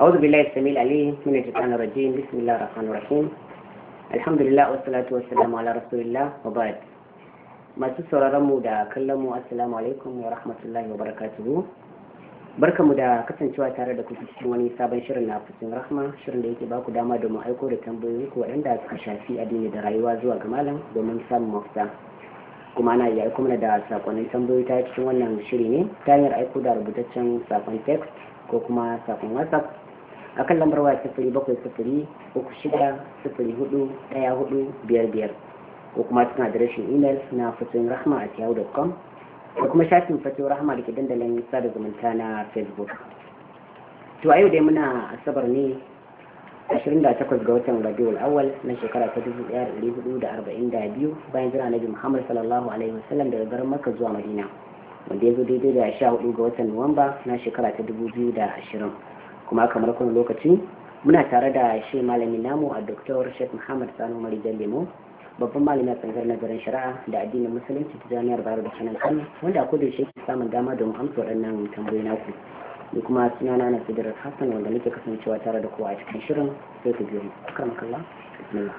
أعوذ بالله السميع العليم من الشيطان الرجيم بسم الله الرحمن الرحيم الحمد لله والصلاة والسلام على رسول الله وبعد masu sauraron mu da kallon mu assalamu alaikum wa rahmatullahi wa barakatuhu barkamu da kasancewa tare da kuke cikin wani sabon shirin na fusin rahma shirin da yake ba ku dama domin aiko da tambayoyi ko waɗanda suka shafi addini da rayuwa zuwa ga malam domin samun mafita kuma ana iya aiko mana da sakonnin tambayoyi ta cikin wannan shirin ne ta hanyar aiko da rubutaccen sakon text ko kuma sakon whatsapp a kan lambar waya sifiri bakwai sifiri uku shida sifiri hudu daya hudu biyar biyar ko kuma cikin adireshin imel na fatoyin rahma a yahoo.com da kuma shafin fatoyin rahma da ke dandalin sada zumunta na facebook to a yau dai muna asabar ne 28 ga watan rabiul awal na shekara ta 1442 bayan jira nabi muhammad sallallahu alaihi wasallam daga garin makka zuwa madina wanda ya zo daidai da 14 ga watan nuwamba na shekara ta 2020 kuma kamar kuma lokaci muna tare da shi malami namu a Dr. Sheikh Muhammad Sani Umar Lemo babban malami a tsangar nazarin shari'a da addinin musulunci ta jami'ar bayar da Kanan kan wanda a kudu shi ke samun dama don amsa waɗannan tambayoyi naku ni kuma sunana na Sidirar Hassan wanda nake kasancewa tare da kowa a cikin shirin sai ku biyo mu akramakallah bismillah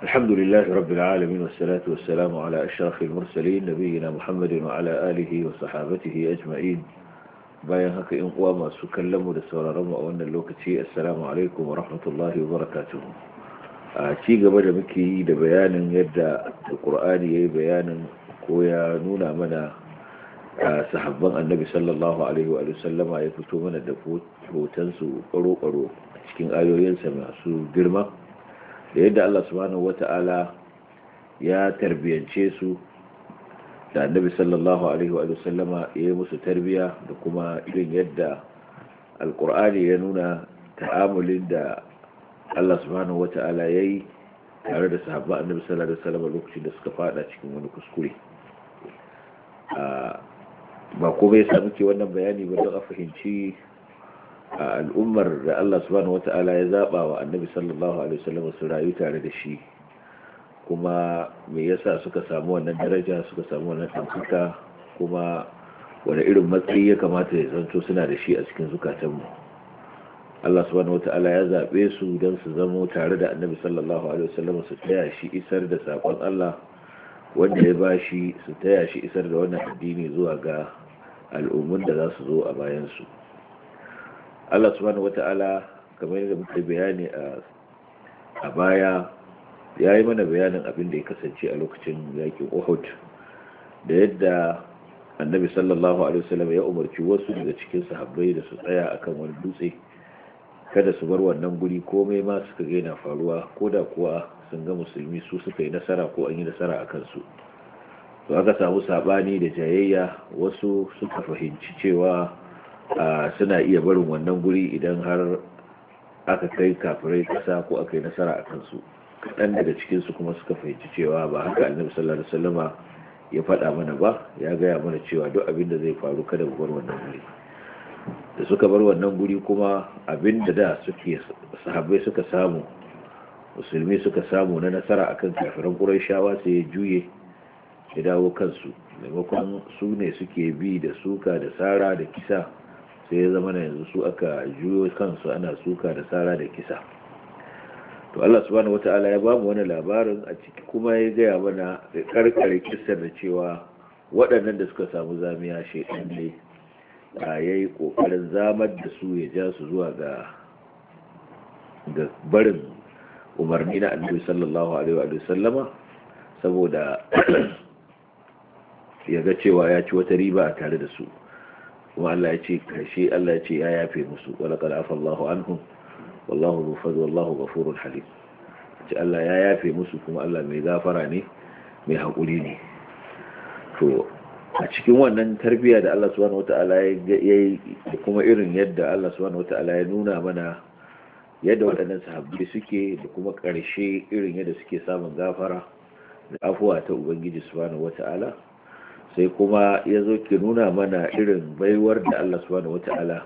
الحمد لله رب العالمين والصلاة والسلام على أشرف المرسلين نبينا محمد وعلى آله وصحابته أجمعين bayan haka in uwa masu kallon mu da sauraron mu a wannan lokaci assalamu alaikum wa rahmatullahi wa barakatuh a ci gaba da muke yi da bayanin yadda alqur'ani yayi bayanin ko ya nuna mana sahabban annabi sallallahu alaihi wa sallama ya fito mana da hoton su karo karo cikin ayoyinsa masu girma da yadda Allah subhanahu wata'ala ya tarbiyance su da annabi sallallahu alaihi wa sallama ya yi musu tarbiya da kuma irin yadda alkur'ani ya nuna ta'amulin da Allah subhanahu ta'ala ya yi tare da sahabba annabi sallallahu alaihi wa sallama lokacin da suka fada cikin wani kuskure ba ko bai sa muke wannan bayani ba don a fahimci al'ummar da Allah subhanahu ta'ala ya zaba wa annabi sallallahu alaihi wa sallama su rayu tare da shi kuma me yasa suka samu wannan daraja suka samu wannan ɗaukaka kuma wani irin matsayi ya kamata ya zanto suna da shi a cikin zukatanmu Allah subhanahu wata'ala ya zaɓe su don su zamo tare da annabi sallallahu alaihi wasallam su taya shi isar da saƙon Allah wanda ya bashi su taya shi isar da wannan addini zuwa ga al'ummun da za su zo a bayansu Allah subhanahu wata'ala kamar yadda muka bayani a baya ya yi mana bayanin abin da ya kasance a lokacin yakin ohud da yadda annabi sallallahu alaihi wasallam ya umarci wasu daga cikin sahabbai da su tsaya akan wani dutse kada su bar wannan guri komai ma suka ga yana faruwa ko da kuwa sun ga musulmi su suka yi nasara ko an yi nasara a kansu to aka samu sabani da jayayya wasu suka fahimci cewa suna iya barin wannan guri idan har aka kai kafirai kasa ko aka yi nasara a kansu kaɗan daga cikinsu kuma suka fahimci cewa ba haka annabi sallallahu alaihi wasallama ya faɗa mana ba ya gaya mana cewa duk abin da zai faru kada mu bar wannan guri da suka bar wannan guri kuma abin da da suke sahabbai suka samu musulmi suka samu na nasara akan kafiran ƙurayshawa sai ya juye ya dawo kansu maimakon su ne suke bi da suka da sara da kisa sai ya zama na yanzu su aka juyo kansu ana suka da sara da kisa to Allah subhanahu wata'ala ya bamu wani labarin a ciki kuma ya gaya mana da karkare kissar da cewa waɗannan da suka samu zamiya shaidan ne a yayi kokarin zamar da su ya ja su zuwa ga ga barin umarni na annabi sallallahu alaihi wa sallama saboda ya ga cewa ya ci wata riba a tare da su kuma Allah ya ce karshe Allah ya ce ya yafe musu wala qad Allahu anhum والله ghafur والله غفور حليم ان Allah ya yafe musu kuma Allah mai gafara ne mai haƙuri ne to a cikin wannan tarbiyya da Allah subhanahu wata'ala ya yi kuma irin yadda Allah subhanahu wata'ala ya nuna mana yadda waɗannan sahabbai suke da kuma ƙarshe irin yadda suke samun gafara da afuwa ta ubangiji subhanahu wata'ala sai kuma ya zo ki nuna mana irin baiwar da Allah subhanahu wata'ala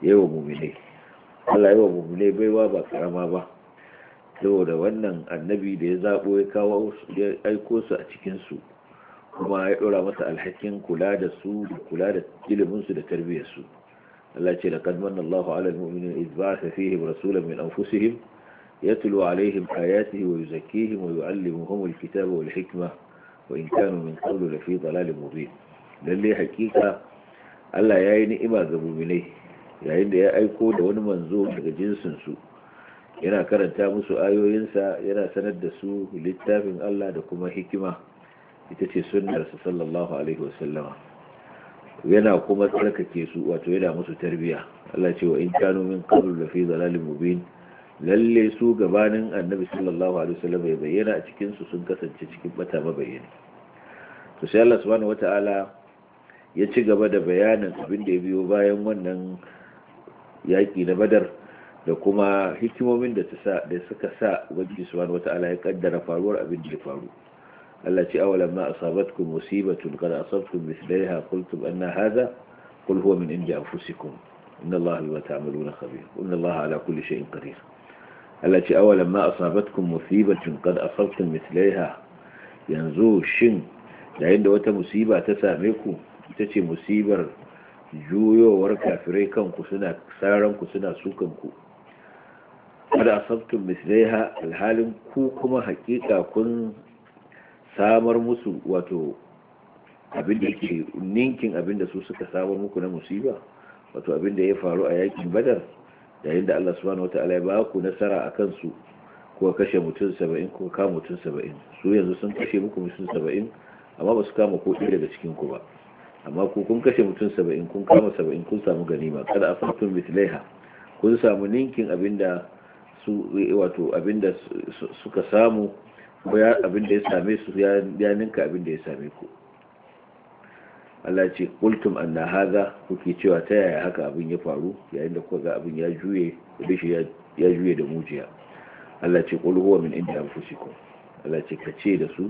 ya yi wa muminai Allah yi wa muminai baiwa ba karama ba saboda wannan annabi da ya zaɓo ya kawo ya aiko su a cikinsu kuma ya ɗora masa alhakin kula da su da iliminsu da tarbiyyarsu Allah ce da kadman Allah wa alal mu'minin izba ta fi him rasulun min anfusihim ya tulo alaihim ayatihi wa yuzakkihim wa yu'allimuhum alkitaba wal hikma wa in kanu min qawli la fi dalalin mubin lalle hakika Allah ya yi ni'ima ga mu'minai yayin da ya aiko da wani manzo daga jinsinsu yana karanta musu ayoyinsa yana sanar da su littafin Allah da kuma hikima ita ce sunnarsa sallallahu alaihi wasallama yana kuma tsarkake su wato yana musu tarbiya Allah ce wa in kanu min qablu la fi dhalalin mubin lalle su gabanin annabi sallallahu alaihi wasallama ya bayyana a cikin su sun kasance cikin bata mabayyani to sai Allah subhanahu wataala ya ci gaba da bayanin abin da ya biyo bayan wannan yaƙi na badar da kuma hikimomin da suka sa ubangiji subhanahu wata'ala ya kaddara faruwar abin da ya faru Allah ce awalan ma asabatkum musibatun qad asabtum mithlaiha qultum anna hadha qul huwa min indi anfusikum inna Allah bima ta'maluna khabir inna Allah ala kulli shay'in qadir Allah ce awalan ma asabatkum musibatun qad asabtum mithlaiha yanzu shin yayin da wata musiba ta same ku ita ce musibar juyowar kafirai kanku suna sararanku suna sukanku kada asabtum misliha alhalin ku kuma hakika kun samar musu wato abin da ke ninkin abin da su suka samar muku na musiba wato abin da ya faru a yakin badar yayin da Allah subhanahu wataala ya ba ku nasara a kansu ko kashe mutum saba'in ko ka mutum saba'in su yanzu sun kashe muku mutum saba'in amma ba su kama ko daga cikin ku ba amma ku kun kashe mutum saba'in kun kama saba'in kun samu ganima kada a fatun mitlaiha kun samu ninkin abinda su wato abinda suka samu abinda ya same su ya ninka abinda ya same ku Allah ce kultum anna haza kuke cewa ta yaya haka abin ya faru yayin da kuka ga abin ya juye bishi ya juye da mujiya Allah ce qul huwa min inda anfusikum Allah ce ka ce da su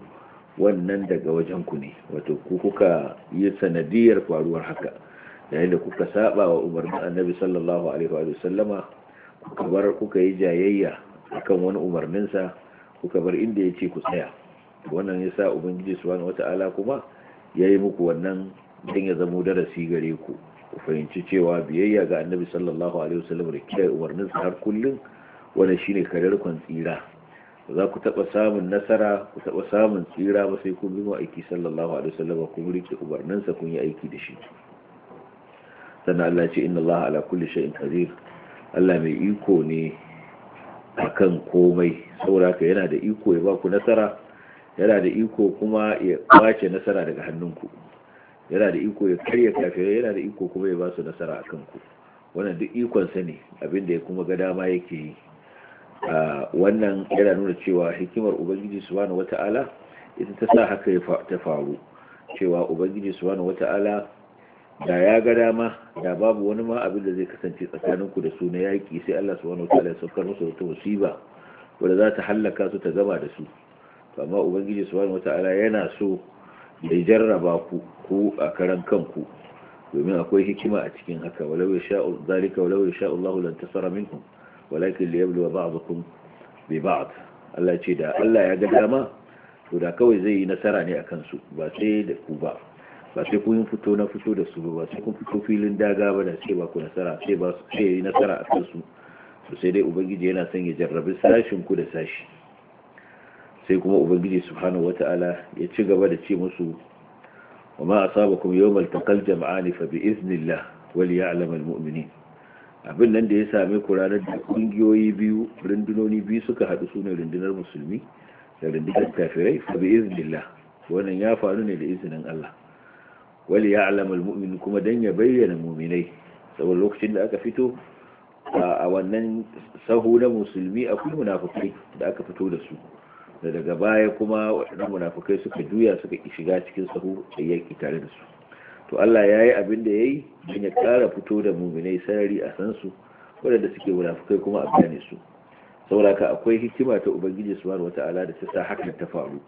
wannan daga wajen ku ne wato ku kuka yi sanadiyar faruwar haka yayin da kuka saba wa umarnin annabi sallallahu alaihi wa sallama kuka bar kuka yi jayayya akan wani umarninsa kuka bar inda yace ku tsaya wannan yasa ubangiji subhanahu wata'ala kuma yayi muku wannan don ya zamo darasi gare ku ku fahimci cewa biyayya ga annabi sallallahu alaihi wa sallama da kiyaye umarninsa har kullun wannan shine karar tsira za ku taɓa samun nasara ku taɓa samun tsira ba sai kun bi aiki sallallahu alaihi wasallam kun rike ubarninsa kun yi aiki da shi sannan Allah ce inna Allah ala kulli shay'in qadir Allah mai iko ne akan komai saboda ka yana da iko ya ba ku nasara yana da iko kuma ya kwace nasara daga hannunku yana da iko ya karya kafirai yana da iko kuma ya ba su nasara a ku. wannan duk ikon sa ne abinda ya kuma ga dama yake yi wannan yana nuna cewa hikimar ubangiji subhanahu wata'ala ita ta sa haka ta faru cewa ubangiji subhanahu wata'ala da ya ga dama da babu wani ma abin da zai kasance tsakanin ku da su na yaki, sai Allah subhanahu wata'ala ya saukar musu wata musiba wanda za ta hallaka su ta gama da su amma ubangiji subhanahu wata'ala yana so ya jarraba ku ku a karan kanku domin akwai hikima a cikin haka walau ya sha zalika walau ya Allahu lan tasara minkum walakin wa ba'dukum bi ba'd Allah ce da Allah ya ga dama to da kawai zai yi nasara ne akan su ba sai da ku ba ba sai kun fito na fito da su ba sai kun fito filin daga ba da sai ba ku nasara sai ba sai yi nasara a kansu to sai dai ubangiji yana son ya jarrabi sashin ku da sashi sai kuma ubangiji subhanahu wata'ala ya ci gaba da ce musu wa kuma asabakum yawmal taqal jam'ani fa bi iznillah wal ya'lamal mu'minin abin nan da ya sami kur'anar da kungiyoyi biyu rundunoni biyu suka haɗu sunan rundunar musulmi da rundunar kafirai fabi bi iznillah wannan ya faru ne da izinin Allah wali ya alamal mu'min kuma dan ya bayyana mu'minai saboda lokacin da aka fito a wannan sahu na musulmi akwai munafukai da aka fito da su da daga baya kuma waɗannan munafukai suka juya suka shiga cikin sahu da tare da su to Allah ya yi abin da ya yi don ya kara fito da muminai sarari a san su waɗanda suke munafukai kuma a gane su sauraka akwai hikima ta ubangiji su wata ala da ta sa hakan ta faru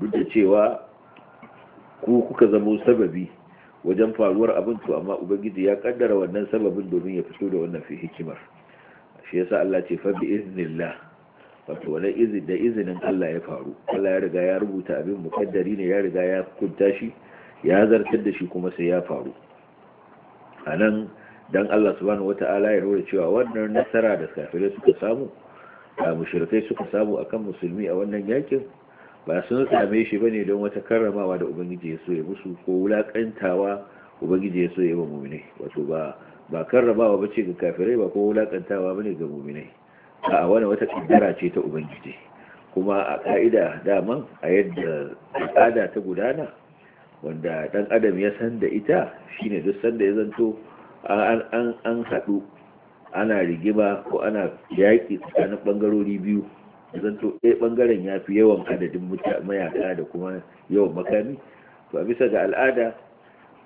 duk da cewa ku kuka zama sababi wajen faruwar abin to amma ubangiji ya kaddara wannan sababin domin ya fito da wannan fi hikimar shi yasa Allah ce fa bi iznillah wato wala izin da izinin Allah ya faru Allah ya riga ya rubuta abin mukaddari ne ya riga ya kunta shi ya zartar da shi kuma sai ya faru a nan don Allah subhanahu wata'ala ya rura cewa wannan nasara da kafirai suka samu da mushrikai suka samu akan musulmi a wannan yakin ba sun same shi bane don wata karramawa da ubangiji ya so ya musu ko wulakantawa ubangiji ya so ya ba mu'minai wato ba ba karramawa bace ga kafirai ba ko wulakantawa bane ga mu'minai a wani wata kaddara ce ta ubangiji kuma a ka'ida daman a yadda al'ada ta gudana wanda dan adam ya san da ita shine duk sanda ya zanto an haɗu ana rigima ko ana yaƙi tsakanin ɓangarori biyu ya zanto eh ɓangaren ya fi yawan adadin mayaka da kuma yawan makami to a bisa ga al'ada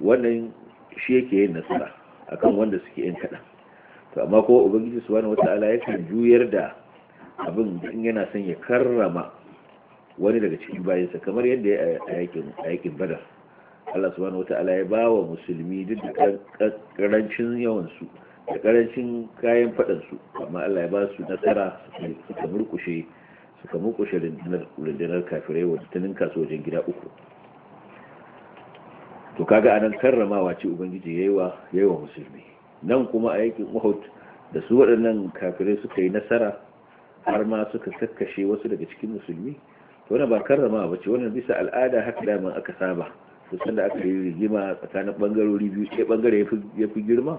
wannan shi yake yin nasara akan wanda suke yin kaɗan to amma ko ubangiji subhanahu wata'ala yakan juyar da abin in yana son ya karrama wani daga cikin bayansa kamar yadda ya yi a yakin badar Allah subhanahu wata'ala ya bawa musulmi duk da karancin yawan da karancin kayan fadan su amma Allah ya ba su nasara suka murkushe suka murkushe rundunar kafirai wadda ta ninka su wajen gida uku to kaga anan karramawa ce ubangiji yayiwa yayiwa musulmi nan kuma a yakin Uhud da su waɗannan kafirai suka yi nasara har ma suka kakkashe wasu daga cikin musulmi to wannan ba karrama ba ce wannan bisa al'ada haka da aka saba kusan sanda aka yi rigima tsakanin bangarori biyu sai bangare ya fi girma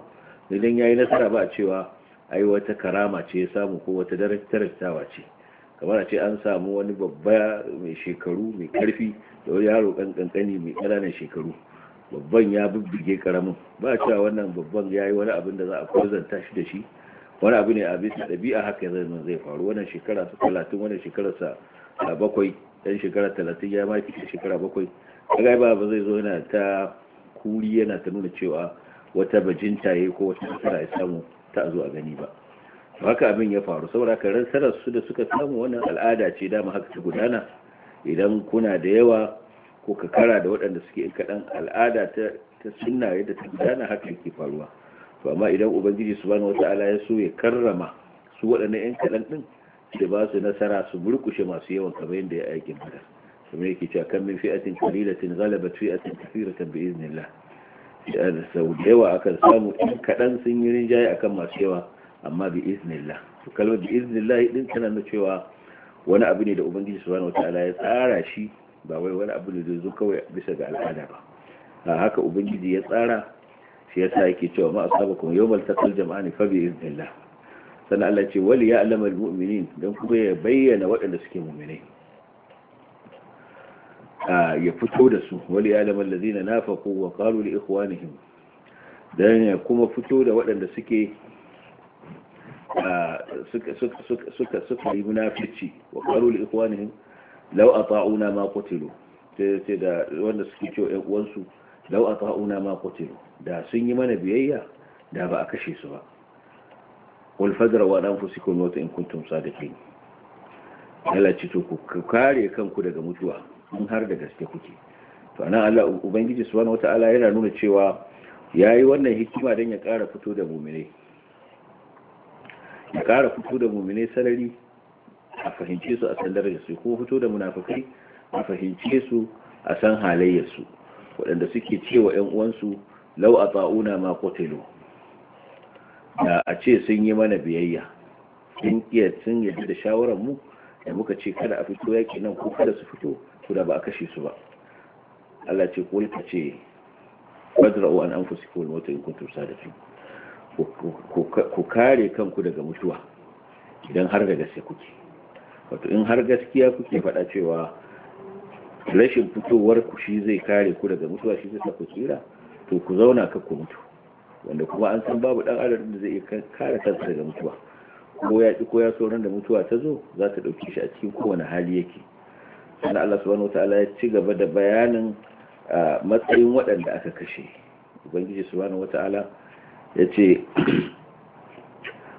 idan ya yi nasara ba a cewa ai wata karama ce ya samu ko wata darajtawa ce kamar a ce an samu wani babba mai shekaru mai karfi da wani yaro kankani mai ƙananan shekaru babban ya bubbuge karamin ba a cewa wannan babban ya yi wani abin da za a kwazanta shi da shi wani abu ne a bisa ɗabi'a haka zai zai faru wannan shekara su talatin wannan shekara sa bakwai ɗan shekara talatin ya mafi shekara bakwai kaga ba ba zai zo yana ta kuri yana ta nuna cewa wata bajinta yayi ko wata nasara ya samu ta zo a gani ba haka abin ya faru saboda ka ransarar su da suka samu wannan al'ada ce dama haka ta gudana idan kuna da yawa ko ka kara da waɗanda suke kaɗan al'ada ta sunna yadda ta gudana haka yake faruwa to amma idan ubangiji subhanahu wata'ala ya so ya karrama su waɗannan yan kaɗan ɗin sai ba su nasara su burkushe masu yawan kamar yadda ya aikin badar kuma yake cewa kan min fi'atin qalilatin ghalabat fi'atin kathiratan bi iznillah da sau da yawa akan samu ɗan kaɗan sun yi rinjaye akan masu yawa amma bi iznillah to kalmar bi iznillah din tana na cewa wani abu ne da ubangiji subhanahu wataala ya tsara shi ba wai wani abu ne da zo kawai bisa ga al'ada ba a haka ubangiji ya tsara shi yasa yake cewa ma asabakum yawmal taqal jama'ani fa bi iznillah sannan Allah ce wali ya al-mu'minin dan kuma ya bayyana waɗanda suke mu'minai ya fito da su wali alamar da mallazi na nafaku wa kalu da ikhwanihim don ya kuma fito da waɗanda suke suka yi munafici wa kalu da ikhwanihim lau a ta'una ma kotilu sai da wanda suke cewa ‘yan uwansu lau a ta'una ma kotilu da sun yi mana biyayya da ba a kashe su ba walfadar wa ɗan fusikon wata in kuntum sadakin yalaci to ku kare kanku daga mutuwa in har da gaske kuke to anan Allah ubangiji subhanahu wataala yana nuna cewa yayi wannan hikima dan ya ƙara fito da mu'mine ya ƙara fito da mu'mine sarari a fahimce su a san su, ko fito da munafikai a fahimce su a san halayyarsu waɗanda suke cewa 'yan uwansu lau a tsa'una ma qutilu da a ce sun yi mana biyayya sun iya sun yi da shawarar mu da muka ce kada a fito yaki nan ko kada su fito to da ba a kashe su ba Allah ce ko ka ce fadra'u an anfusikum al yankun in da fi ku kare kanku daga mutuwa idan har da gaske kuke wato in har gaskiya kuke faɗa cewa rashin fitowar ku shi zai kare ku daga mutuwa shi zai sa ku tsira to ku zauna ka ku mutu wanda kuma an san babu dan adadin da zai iya kare kansa daga mutuwa ko ya ki ko ya sauran da mutuwa ta zo za ta dauke shi a cikin kowane hali yake wanda Allah subhanahu wataala ya ci gaba da bayanin matsayin waɗanda aka kashe ubangiji subhanahu wataala ya ce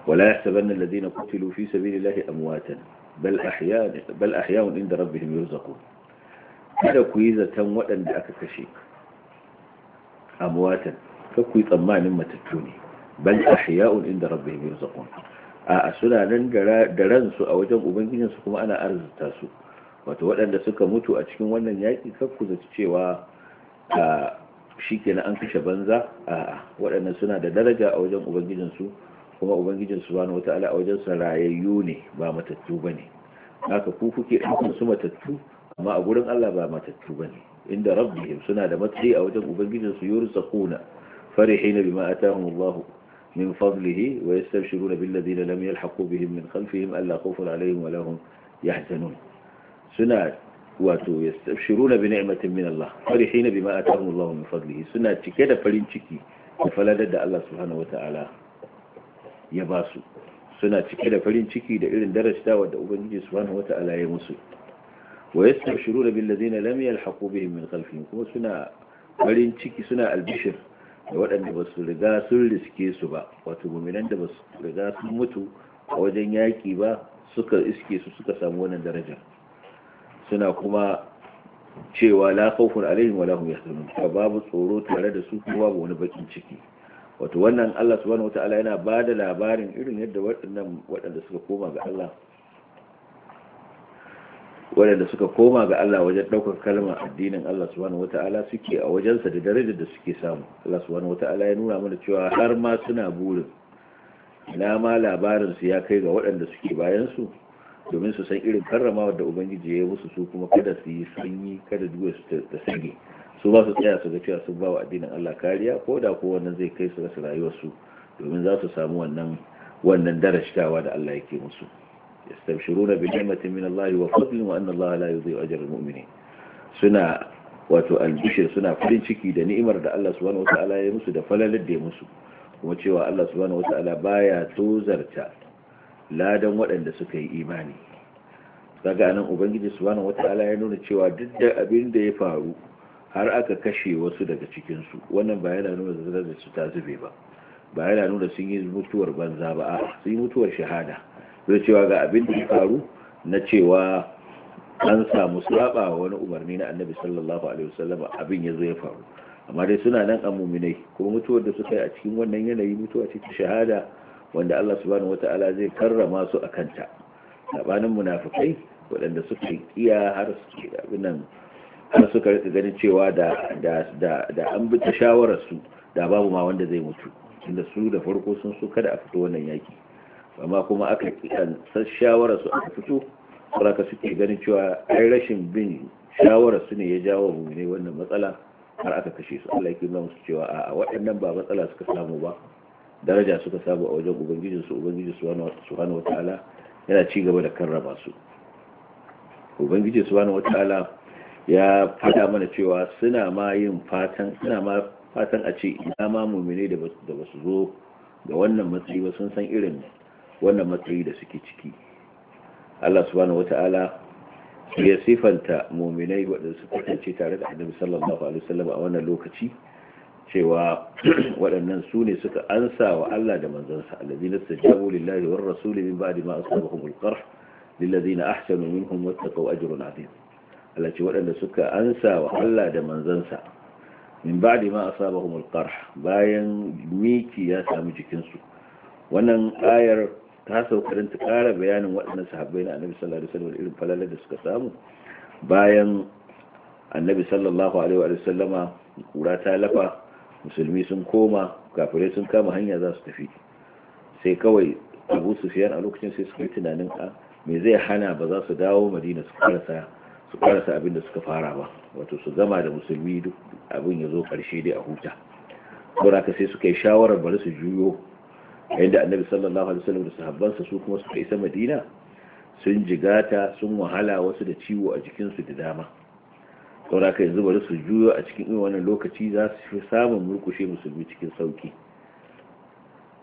wala yahsabanna alladhina qutilu fi sabilillahi amwatan bal ahyan bal ahyaun inda rabbihim yurzaqun kada ku yi zaton waɗanda aka kashe amwatan kada ku yi tsammanin matattu ne bal ahyaun inda rabbihim yurzaqun a suna nan da ransu a wajen ubangijinsu kuma ana arzuta su wato waɗanda suka mutu a cikin wannan yaƙi kakku da cewa a shi kenan an kashe banza a waɗanda suna da daraja a wajen ubangijinsu kuma ubangijinsu ba wata ala a wajen sarayayyu ne ba matattu ba ne haka ku kuke ɗaukar su matattu amma a gurin allah ba matattu ba ne inda rabbihim suna da matsayi a wajen ubangijinsu yurzaquna farihina bima atahum allah من فضله ويستبشرون بالذين لم يلحقوا بهم من خلفهم ألا خوف عليهم ولا هم يحزنون suna wato yastabshiruna bi ni'matin min Allah farihina bima atahum Allah min fadlihi suna cike da farin ciki da faladar da Allah subhanahu wataala ya ba su suna cike da farin ciki da irin darajtawa da ubangiji subhanahu wataala ya musu wa yastabshiruna bil ladina lam yalhaqu bihim min khalfihim kuma suna farin ciki suna albishir da waɗanda ba su riga sun riske su ba wato muminan da ba su riga sun mutu a wajen yaƙi ba suka iske su suka samu wannan darajar suna kuma cewa la khawfun alaihim ya hum yahzanun babu tsoro tare da su kuma babu wani bakin ciki wato wannan Allah subhanahu wataala yana ba da labarin irin yadda waɗannan waɗanda suka koma ga Allah waɗanda suka koma ga Allah wajen ɗaukar kalmar addinin Allah subhanahu wataala suke a wajensa da darajar da suke samu Allah subhanahu wataala ya nuna mana cewa har ma suna burin na ma labarin su ya kai ga waɗanda suke bayan su domin su san irin karramawar da ubangiji ya musu su kuma kada su yi sanyi kada duwa su ta sage su ba su tsaya su ga cewa sun ba wa addinin Allah kariya ko da ko wannan zai kai su rasa rayuwarsu domin za su samu wannan wannan darashtawa da Allah yake musu yastabshiruna bi ni'matin min Allah wa fadlin wa anna Allah la yudhi'u ajra al-mu'minin suna wato albishir suna farin ciki da ni'imar da Allah subhanahu ta'ala ya musu da falalar da ya musu kuma cewa Allah subhanahu ta'ala baya tozarta ladan waɗanda suka yi imani daga anan ubangiji subhanahu wataala ya nuna cewa duk da abin da ya faru har aka kashe wasu daga cikin su wannan ba yana nuna zarar da su ta zube ba ba yana nuna sun yi mutuwar banza ba a sun yi mutuwar shahada zai cewa ga abin da ya faru na cewa an samu saba wani umarni na annabi sallallahu alaihi wasallam abin ya zo ya faru amma dai suna nan a muminai kuma mutuwar da suka yi a cikin wannan yanayi mutuwa ce ta shahada wanda Allah subhanahu wata'ala zai karrama su a kanta sabanin munafukai waɗanda suka iya har suke abinan har suka rika ganin cewa da da da an bi ta shawarar su da babu ma wanda zai mutu tunda su da farko sun so kada a fito wannan yaki amma kuma aka kan san shawarar su aka fito saboda suke ganin cewa ai rashin bin shawarar su ne ya jawo mu ne wannan matsala har aka kashe su Allah ya kiyaye musu cewa a waɗannan ba matsala suka samu ba daraja suka samu a wajen ubangijinsu ubangiji subhanahu wata'ala yana ci gaba da karrama su ubangiji subhanahu wata'ala ya fada mana cewa suna ma yin fatan suna ma fatan a ce ina ma mumine da ba su zo da wannan matsayi ba sun san irin wannan matsayi da suke ciki Allah subhanahu wata'ala ya sifanta mumine waɗanda suka kasance tare da annabi sallallahu alaihi wasallam a wannan lokaci cewa waɗannan su ne suka ansa wa Allah da manzansa allazina istajabu lillahi war rasuli min ba'di ma asabahum al-qarh lillazina ahsanu minhum wattaqaw ajrun azim Allah ce waɗanda suka ansa wa Allah da manzansa min ba'di ma asabahum al-qarh bayan miki ya samu jikin su wannan ayar ta saukarin ta ƙara bayanin waɗannan sahabbai na Annabi sallallahu alaihi wasallam irin falalar da suka samu bayan Annabi sallallahu alaihi wa sallama kura ta lafa musulmi sun koma kafirai sun kama hanya za su tafi sai kawai abu sufiyan a lokacin sai suka yi tunanin a me zai hana ba za su dawo madina su karasa su karasa abin da suka fara ba wato su gama da musulmi duk abin ya zo karshe dai a huta kura ka sai su kai shawarar bari su juyo yadda annabi sallallahu alaihi wasallam da sahabbansa su kuma suka isa madina sun jigata sun wahala wasu da ciwo a jikinsu da dama saboda ya yanzu bari su juyo a cikin irin wannan lokaci za su fi samun murkushe musulmi cikin sauki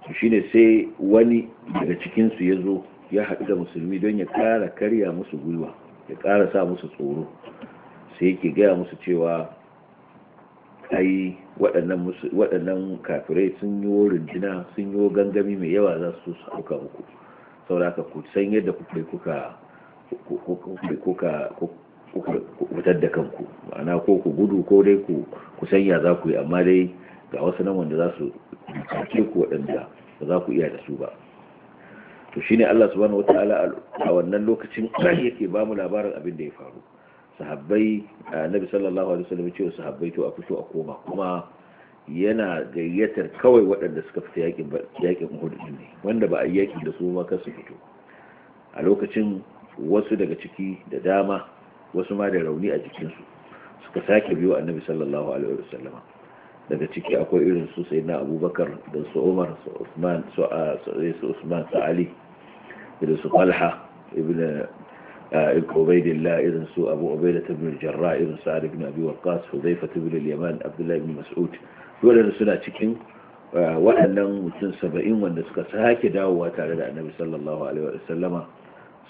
su shine sai wani daga cikinsu ya zo ya haɗu da musulmi don ya ƙara karya musu gwiwa ya ƙara sa musu tsoro sai yake gaya musu cewa ai waɗannan kafirai sun yi rundina sun yi gangami mai yawa za su su auka muku saboda ku san yadda kuka kuka ku fitar da kanku ma'ana ko ku gudu ko dai ku ku sanya za ku yi amma dai ga wasu nan wanda za su kake ku waɗanda ba za ku iya da su ba to shine Allah subhanahu wataala a wannan lokacin yake ba mu labarin abin da ya faru sahabbai annabi sallallahu alaihi wasallam ce sahabbai to a fito a koma kuma yana gayyatar kawai waɗanda suka fita yakin yakin Uhud ne wanda ba a yi yaki da su ma kan su fito a lokacin wasu daga ciki da dama wasu ma da rauni a jikinsu suka sake biyu annabi sallallahu alaihi wasallama daga ciki akwai irin su sai na abubakar da su umar su usman su eh, usman su ali da su falha ibn ubaidillah irin su abu ubaidah ibn jarra irin su ali ibn abi waqqas hudayfa ibn al-yaman abdullah ibn mas'ud dole da suna cikin waɗannan mutum saba'in wanda suka sake dawowa tare da annabi sallallahu alaihi wasallama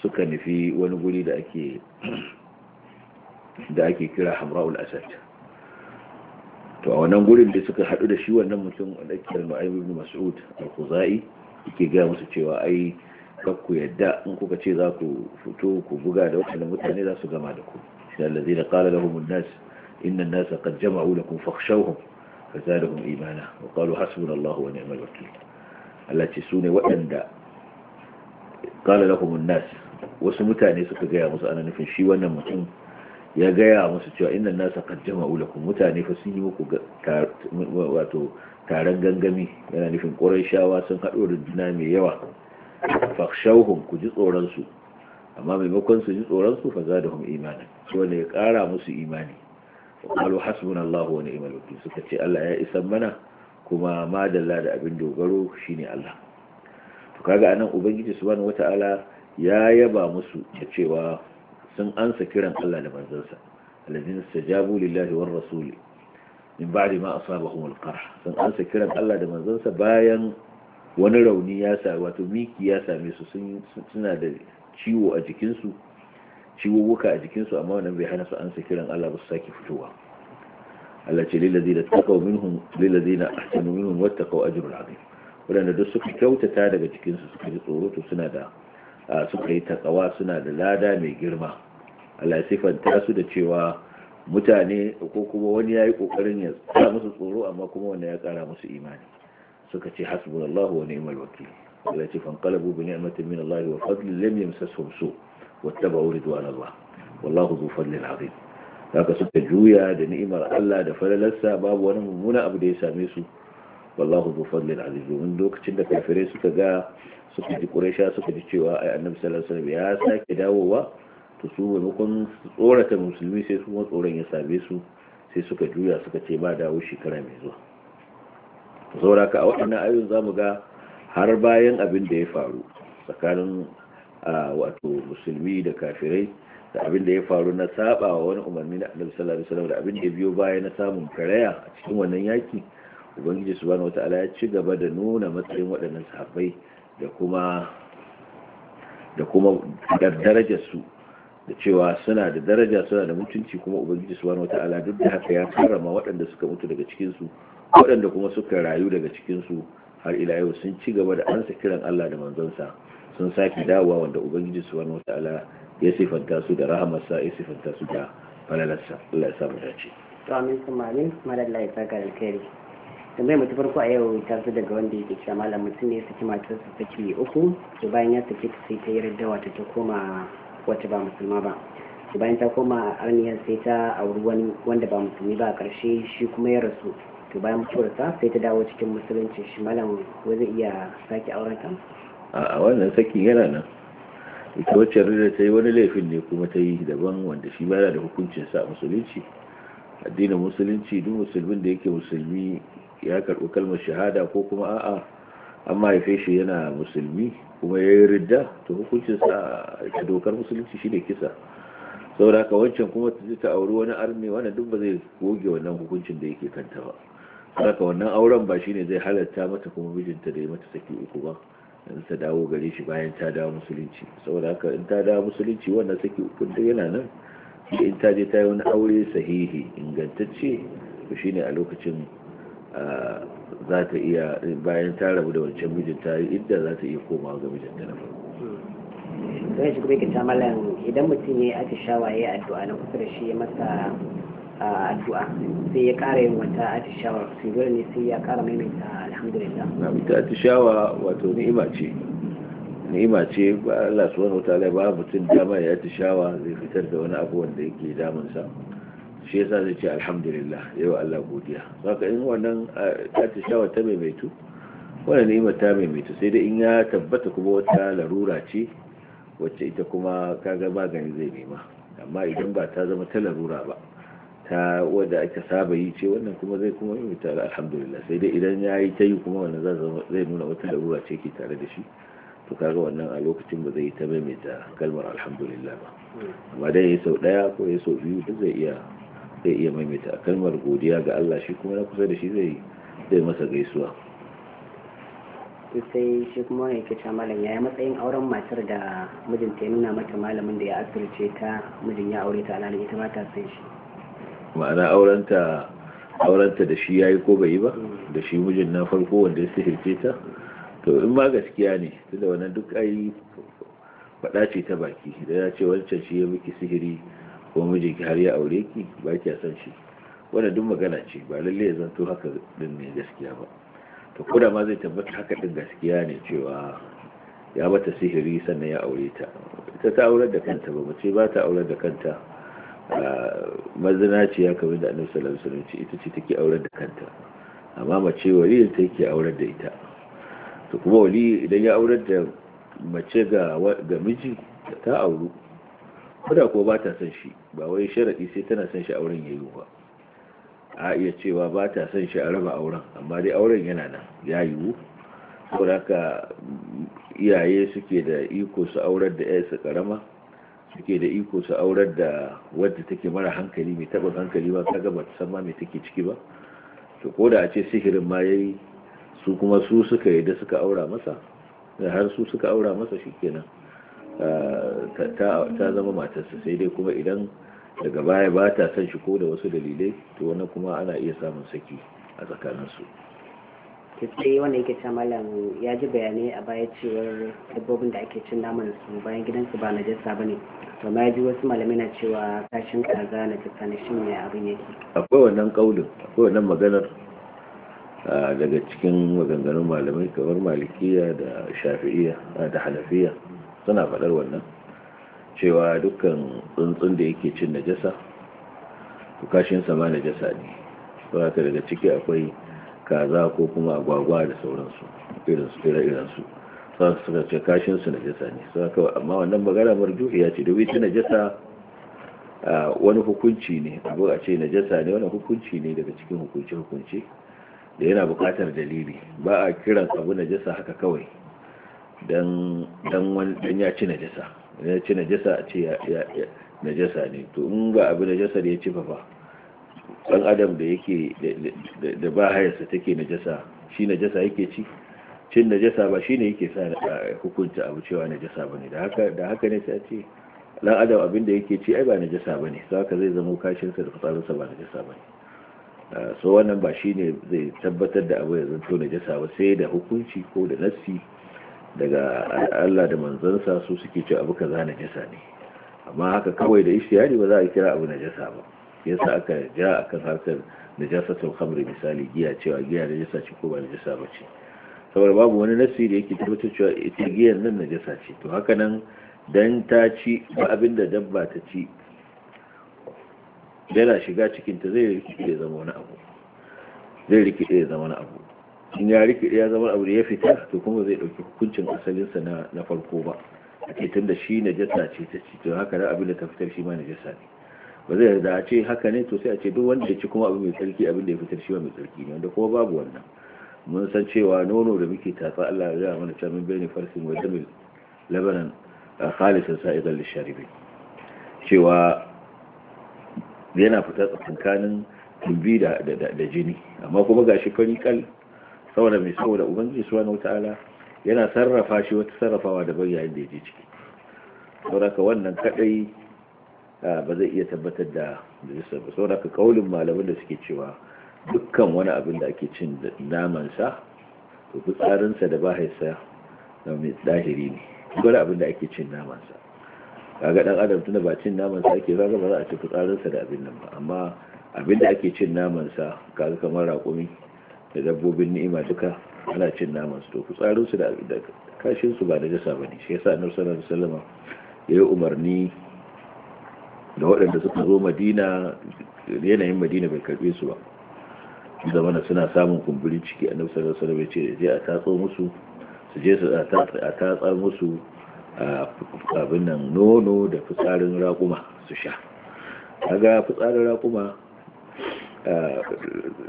suka nufi wani guri da ake da ake kira hamra'ul asad to a wannan gurin da suka haɗu da shi wannan mutum a ɗakiyar nu'aym ibn mas'ud al-khuzai yake gaya musu cewa ai ku yadda in kuka ce za ku fito ku buga da waɗannan mutane za su gama da ku shi allazi da qala lahum an-nas inna an-nas qad jama'u lakum fakhshawhum fazadahum imana wa qalu hasbunallahu wani ni'mal wakeel Allah ce sune waɗanda qala lahum an-nas wasu mutane suka gaya musu ana nufin shi wannan mutum ya gaya musu cewa inda nasa kan jama'u mutane fa sun yi muku wato taron gangami yana nufin shawa sun haɗo da juna mai yawa fakhshawhum ku ji tsoron su amma maimakon su ji tsoron su da zadahum imanin, su wanda ya ƙara musu imani hasbun hasbunallahu wani ni'mal wakeel suka ce Allah ya isa mana kuma madalla da abin dogaro shine Allah to kaga anan ubangiji subhanahu wataala ya yaba musu da cewa sun ansa kiran Allah da manzansa alladhina istajabu lillahi war rasul min ba'di ma asabahum al-qarh sun ansa kiran Allah da manzansa bayan wani rauni ya sa wato miki ya same su suna da ciwo a jikinsu wuka a jikinsu amma wannan bai hana su ansa kiran Allah ba su sake fitowa Allah ce lillazina taqaw minhum lillazina ahsanu minhum wattaqaw ajrun azim wadanda duk suka kyautata daga cikinsu suka ji tsoro to suna da suka yi takawa suna da lada mai girma Allah ta su da cewa mutane ko kuma wani ya yi kokarin ya sa musu tsoro amma kuma wanda ya kara musu imani suka ce hasbunallahu wa ni'mal wakil Allah ce fanqalabu bi ni'matin min Allah wa fadli lam yamsasuhum su wattaba'u ridwan Allah wallahu dhu fadlin azim haka suka juya da ni'imar Allah da falalarsa babu wani mummuna abu da ya same su wallahu bu fadlin aziz domin lokacin da kafirai suka ga suka ji quraisha suka ji cewa ai annabi sallallahu alaihi wasallam ya sake dawowa to su maimakon tsorata musulmi sai su kuma tsoron ya same su sai suka juya suka ce ba dawo shekara mai zuwa saboda ka a waɗannan ayoyin zamu ga har bayan abin da ya faru tsakanin wato musulmi da kafirai da abin da ya faru na saba wani umarni na annabi sallallahu alaihi wasallam da abin da ya biyo baya na samun karaya a cikin wannan yaki ubangiji su bane wataala ya ci gaba da nuna matsayin waɗannan sahabbai da kuma da daraja su da cewa suna da daraja suna da mutunci kuma ubangiji su bane wataala duk da haka ya ma waɗanda suka mutu daga cikinsu waɗanda kuma suka rayu daga cikinsu har ila yau sun ci gaba da ansa kiran Allah da manzonsa sun sake dawowa wanda ubangiji bane wataala ya sifanta su da rahamarsa ya sifanta su da falalarsa Allah ya sa mu dace to amin kuma amin madalla ya saka alkhairi tambayar mu ta farko a yau ta zo daga wanda yake cewa malam mutum ne ya saki matarsa saki uku to bayan ya tafi ta sai ta yi wata ta koma wata ba musulma ba to bayan ta koma arniyar sai ta auri wani wanda ba musulmi ba a karshe shi kuma ya rasu to bayan mutuwarsa sai ta dawo cikin musulunci shi malam ko zai iya sake auren ta a wannan saki yana nan ita wacce rida ta yi wani laifin ne kuma ta yi daban wanda shi ba da hukuncin sa musulunci addinin musulunci duk musulmin da yake musulmi ya karɓi kalmar shahada ko kuma a'a an mahaife shi yana musulmi kuma ya yi ridda to sa a dokar musulunci shi ne kisa saboda haka wancan kuma ta auri wani armi wannan duk ba zai goge wannan hukuncin da yake kanta ba haka wannan auren ba shine zai halatta mata kuma mijinta da ya mata saki uku ba in ta dawo gare shi bayan ta dawo musulunci saboda haka in ta dawo musulunci wannan saki uku da yana nan in ta je ta yi wani aure sahihi ingantacce shi shine a lokacin za ta iya bayan ta rabu da wancan mijinta inda za ta iya komawa ga ta na farko Zai shi kuma yake idan mutum ya yi atishawa shawaye addu'a na kusa da shi ya masa addu'a sai ya kara yin wata atishawa su dole ne sai ya kara maimaita alhamdulillah na ita atishawa wato ni'ima ce ni'ima ce ba Allah subhanahu wa ta'ala ba mutum dama ya atishawa zai fitar da wani abu wanda yake sa. shi yasa zai ce alhamdulillah yau Allah godiya saka in wannan ta ta shawa ta maimaitu wannan ni'imar ta maimaitu sai dai in ya tabbata kuma wata larura ce wacce ita kuma kaga magani zai nema amma idan ba ta zama ta larura ba ta wadda aka saba yi ce wannan kuma zai kuma yi mutar alhamdulillah sai dai idan ya yi ta yi kuma wannan zai nuna wata larura ce ke tare da shi to kaga wannan a lokacin ba zai yi ta maimaita kalmar alhamdulillah ba amma dai ya sau daya ko ya sau biyu duk zai iya zai iya maimaita kalmar godiya ga Allah shi kuma na kusa da shi zai zai masa gaisuwa sai shi kuma ya ke malam ya yi matsayin auren matar da mijinta ya nuna mata malamin da ya asirce ta mijin ya aure ta alhalin ita mata ta shi ma'ana aurenta da shi yayi ko bai yi ba mm. da shi mijin na farko wanda ya sihirce ta to in ma gaskiya ne tunda wannan duk ai faɗa ce ta baki da ya ce wancan shi ya miki sihiri ko mijinki har ya aure ki ba kya san shi wanda duk magana ce ba lalle ya zanto haka din ne gaskiya ba to koda ma zai tabbata haka din gaskiya ne cewa ya bata sihiri sannan ya aure ta ita ta aurar da kanta ba mace ba ta aure da kanta ya kamar da annabi sallallahu alaihi wasallam ita ce take aure da kanta amma mace waliyin take take aurar da ita to kuma wali idan ya aurar da mace ga ga miji ta auru koda ko ba ta son shi ba wai sharadi sai tana san shi auren yayi ba a iya cewa ba ta son shi a raba auren amma dai auren yana nan ya yiwu saboda iyaye suke da iko su aurar da yarsa karama suke da iko su aurar da wadda take mara hankali mai taba hankali ba kaga ba ta san ma mai take ciki ba to koda da a ce sihirin ma yayi su kuma su suka yi da suka aura masa har su suka aura masa shikenan ta zama matarsa sai dai kuma idan daga baya ba ta son shi ko da wasu dalilai to wani kuma ana iya samun saki a tsakaninsu sai wanda yake ta malam ya ji bayanai a baya cewar dabbobin da ake cin naman su bayan gidansu ba na najasa ba ne to ma ji wasu malamai na cewa kashin kaza na jasa na shi ne abin yake akwai wannan kaulin akwai wannan maganar daga cikin maganganun malamai kamar malikiya da shafi'iya da halafiyya. suna faɗar wannan cewa dukkan tsuntsun da yake cin najasa kashinsa ma najasa ne ba ka daga ciki akwai kaza ko kuma agwagwa da sauransu irinsu irinsu irensu sun suka ce kashinsu najasa ne sun haka amma wannan magana marjuhiya ce domin ta najasa wani hukunci ne abu a ce najasa ne wani hukunci ne daga cikin hukunci-hukunci da yana bukatar dalili ba a kiran abu najasa haka kawai dan dan ya ci najasa ya ci najasa a ce ya najasa ne to in ba abu da ya ci ba ba dan adam da yake da ba hayarsa take najasa shi najasa yake ci cin najasa ba shine yake sa hukunta abu cewa najasa ba ne da haka ne sai a ce dan adam abin da yake ci ai ba najasa ne sai haka zai zama kashinsa da fitsarin ba najasa ne so wannan ba shine zai tabbatar da abu ya zanto najasa ba sai da hukunci ko da nassi daga Allah da manzansa su suke ce abu kaza jasa ne amma haka kawai da ishtihadi ba za a kira abu na jasa ba yasa aka ja akan harkar ta kamri misali giya cewa giya jasa ce ko ba jasa ba ce saboda babu wani nasi da yake tabbatar cewa ita giyan nan na jasa ce to haka nan dan ta ci ba abin da dabba ta ci yana shiga cikin ta zai rikide zama wani abu zai rikide zama wani abu in ya rike ya zama abu da ya fita to kuma zai dauki hukuncin asalinsa na na farko ba ake tun da shi jasa ce ta ci to haka da abin da ta fitar shi ma jasa ne ba zai yarda a ce haka ne to sai a ce duk wanda ya ci kuma abu mai tsarki abin da ya fitar shi ma mai tsarki ne wanda kuma babu wannan mun san cewa nono da muke tatsa Allah ya mana cewa min bayni farsin wa dabil labanan khalisan sa'idan lisharibin cewa yana fita tsakankanin tumbi da jini amma kuma gashi fari kal saboda mai saboda ubangiji subhanahu wataala yana sarrafa shi wata sarrafawa daban yayin da ya je ciki sauraka wannan kadai ba zai iya tabbatar da jisar ba sauraka kaulin malamin da suke cewa dukkan wani abin da ake cin namansa to fitsarinsa da bahaisa na mai tsahiri ne gwada abin da ake cin namansa kaga dan adam tuna ba cin namansa ake zaga ba za a ci fitsarinsa da abin nan ba amma abin da ake cin namansa kaga kamar raƙumi da dabbobin ni'ima duka ana cin naman su to fitsarin su da kashin su ba da jasa bane shi yasa annabi sallallahu alaihi wasallam ya yi umarni da waɗanda suka zo madina yanayin madina bai karbe su ba da mana suna samun kumburin ciki annabi sallallahu alaihi wasallam ya ce je a tatso musu su je su a tatsa musu abin nan nono da fitsarin raƙuma su sha kaga fitsarin raƙuma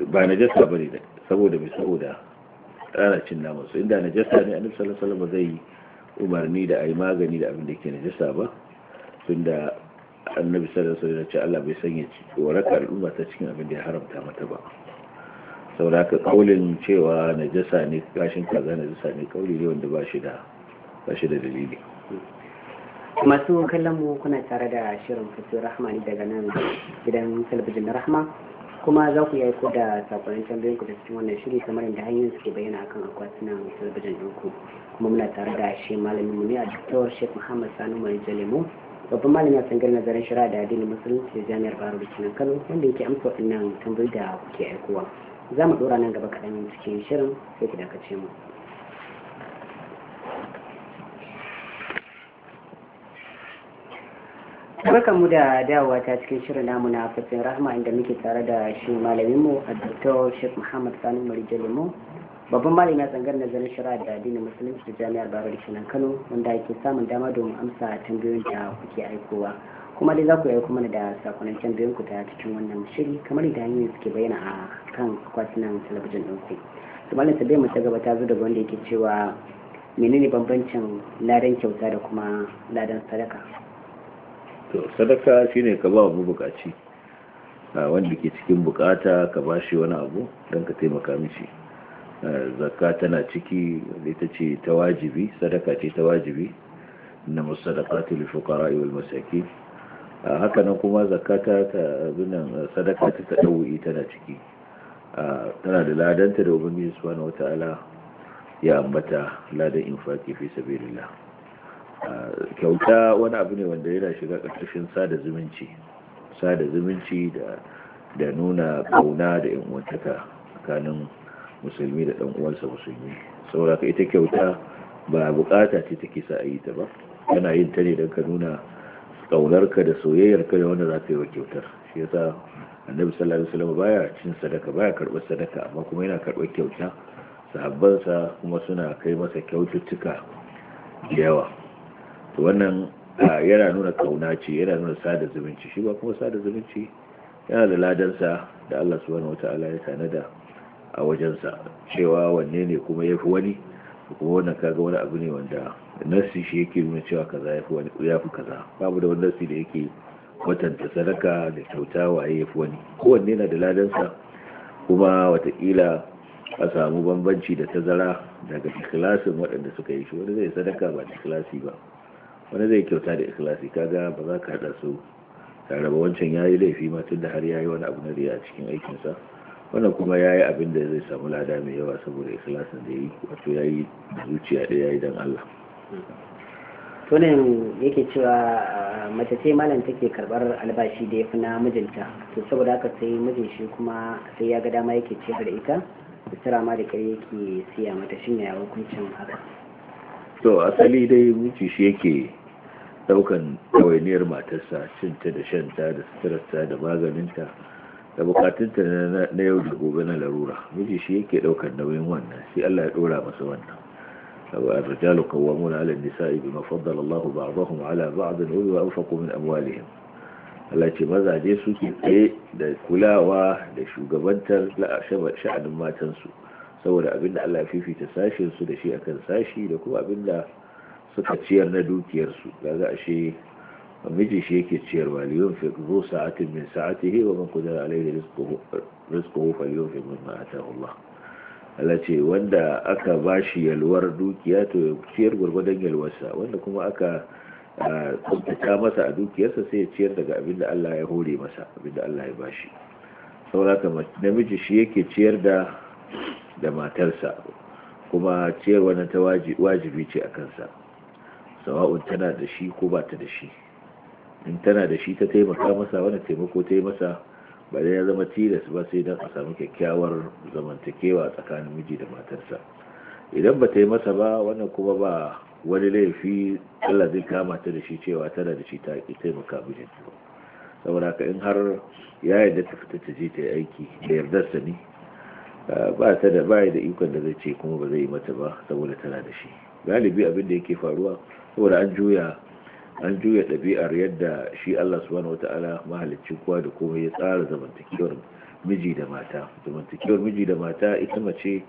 ba najasa bane da saboda mai saboda raracin naman su inda najasa ne annabi sallallahu alaihi wasallam zai umarni da ayi magani da abin da ke najasa ba tunda annabi sallallahu alaihi wasallam ya ce Allah bai sanya waraka al'umma ta cikin abin da ya haramta mata ba saboda haka kaulin cewa najasa ne gashin kaza najasa ne kauli ne wanda ba da ba shi da dalili masu kallon mu kuna tare da shirin fitur rahmani daga nan gidan talabijin rahma kuma za ku yi aiko da sakonin tambayoyin ku da cikin wannan shiri kamar yadda hanyoyin suke bayyana akan akwatunan talabijin ɗinku kuma muna tare da shi malamin mu ne a doktor sheikh muhammad sanu mai jalemu babban malamin a tsangar nazarin shari'a da addinin musulunci da jami'ar baro da cinan kano wanda yake amsa waɗannan tambayoyi da kuke aikowa za mu ɗora nan gaba kaɗan cikin shirin sai ku dakace mu. mu da dawowa ta cikin shirin namu na fasin rahma inda muke tare da shi malaminmu a dr sheikh muhammad sani marijalimo babban malami na tsangar nazarin shari'a da addinin musulunci da jami'ar barar da kano wanda ake samun dama domin amsa tambayoyin da kuke aikowa kuma dai za ku yi kuma da sakonin tambayoyin ku ta cikin wannan shiri kamar da hanyoyin suke bayyana a kan kwatunan talabijin ɗin ku su malam tabbai mu ta gaba ta zo daga wanda yake cewa menene bambancin ladan kyauta da kuma ladan sadaka to sadaka shine ka ba mu bukaci wanda ke cikin bukata ka ba shi wani abu don ka taimaka mishi zakka tana ciki ita ce ta wajibi sadaka ce ta wajibi na musadaqatu lil fuqara'i wal masaki haka nan kuma zakka ta abinan sadaka ta tadawi tana ciki tana da ladanta da ubangiji wata wataala ya ambata ladan infaki fi sabilillah kyauta wani abu ne wanda yana shiga ƙarƙashin sada zumunci sada zumunci da nuna kauna da yan uwantaka tsakanin musulmi da ɗan uwansa musulmi saboda ka ita kyauta ba bukata ce take sa a yi ta ba yana yin ta ne don ka nuna ƙaunarka da soyayyarka da wanda za ka yi wa kyautar shi yasa annabi sallallahu alaihi wasallam baya cin sadaka baya karɓar sadaka amma kuma yana karɓar kyauta sahabbansa kuma suna kai masa kyaututtuka da yawa to wannan yana nuna kauna ce yana nuna sada zumunci shi ba kuma sada zumunci yana da ladansa da Allah subhanahu wata'ala ya tanada a wajensa cewa wanne ne kuma yafi wani kuma wannan kaga wani abu ne wanda nasi shi yake nuna cewa kaza yafi wani yafi kaza babu da wani nasi da yake kwatanta sadaka da kyauta waye yafi wani kowanne yana da ladansa kuma watakila a samu bambanci da tazara daga ikilasin waɗanda suka yi shi wani zai sadaka ba ikilasi ba wani zai kyauta da ikhlasi kaga ba za ka haɗa su tare ba wancan ya yi laifi ma tun da har ya yi wani abu na riya a cikin aikinsa wannan kuma ya yi abin da zai samu lada mai yawa saboda ikhlasin da ya yi wato ya yi zuciya da ya yi don Allah. tunan yake cewa ah, mace ce malam take karbar albashi da ya fi na mijinta to saboda haka sai mijin shi kuma sai ya ga dama yake cewa da ita da ma da kare yake siya mata shi ne hukuncin haka to asali dai miji shi yake daukan ɗawainiyar matarsa cinta da shanta da suturarta da maganinta da bukatunta na yau da gobe na larura miji shi yake ɗaukar nauyin wannan sai Allah ya dora masa wannan abu ar-rijalu qawwamuna 'ala Nisa nisai bima faddala Allahu ba'dahum 'ala ba'din wa anfaqu min amwalihim Allah ce mazaje suke tsaye da kulawa da shugabantar sha'anin matansu saboda abinda Allah ya fifita sashen su da shi akan sashi da kuma abinda suka ciyar na dukiyarsu kaga ashe miji shi yake ciyarwa liyon fi zo sa'atin min he wa man qadara alayhi rizquhu rizquhu fi min ma'ata Allah Allah ce wanda aka bashi yalwar dukiya to ya ciyar gurgurdan yalwarsa wanda kuma aka tsuntata masa a dukiyarsa sai ya ciyar daga abin da Allah ya hore masa abin da Allah ya bashi sauraka namiji shi yake ciyar da da matarsa kuma ciyar wannan ta wajibi ce a kansa sawa'un tana da shi ko ba ta da shi in tana da shi ta taimaka masa wani taimako ta yi masa ba da ya zama tilas ba sai don a samu kyakkyawar zamantakewa tsakanin miji da matarsa idan ba ta yi masa ba wannan kuma ba wani laifi Allah zai kama ta da shi cewa tana da shi ta ki taimaka mijinta saboda haka in har ya yarda ta fita ta je ta yi aiki da yardarsa ne ba ta da ba da ikon da zai ce kuma ba zai yi mata ba saboda tana da shi galibi abin da yake faruwa saboda an juya an juya ɗabi'ar yadda shi Allah subhanahu wata'ala mahalicci kowa da kuma ya tsara zamantakewar miji da mata zamantakewar miji da mata ita mace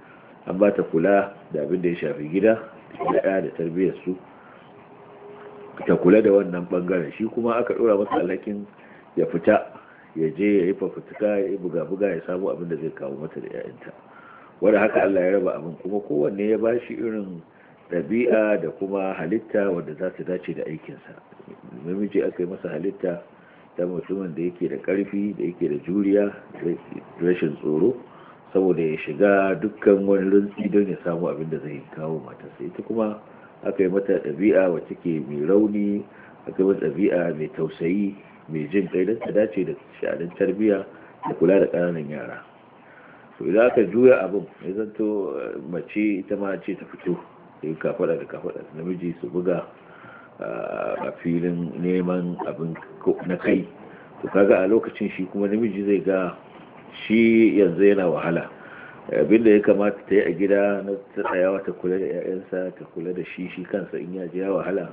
an ba ta kula da abin da ya shafi gida da ɗaya da tarbiyyar su ta kula da wannan bangaren shi kuma aka ɗora masa alhakin ya fita ya je ya yi fafutuka ya yi buga-buga ya samu abin da zai kawo mata da 'ya'yanta wanda haka Allah ya raba abin kuma kowanne ya ba shi irin ɗabi'a da kuma halitta wanda za su dace da aikinsa namiji aka yi masa halitta ta mutumin da yake da ƙarfi da yake da juriya rashin tsoro saboda ya shiga dukkan wani rantsi don ya samu abin da zai kawo matarsa ita kuma aka yi mata ɗabi'a wacce ke mai rauni aka yi mata ɗabi'a mai tausayi mai jin kai don ta dace da sha'anin tarbiyya da kula da ƙananan yara to idan aka juya abin ya zanto mace ita ma ce ta fito su yi kafada da kafada da namiji su buga a filin neman abin na kai to kaga a lokacin shi kuma namiji zai ga shi yanzu yana wahala abin da ya kamata ta yi a gida na tsayawa ta kula da 'ya'yansa ta kula da shi shi kansa in ya ji ya wahala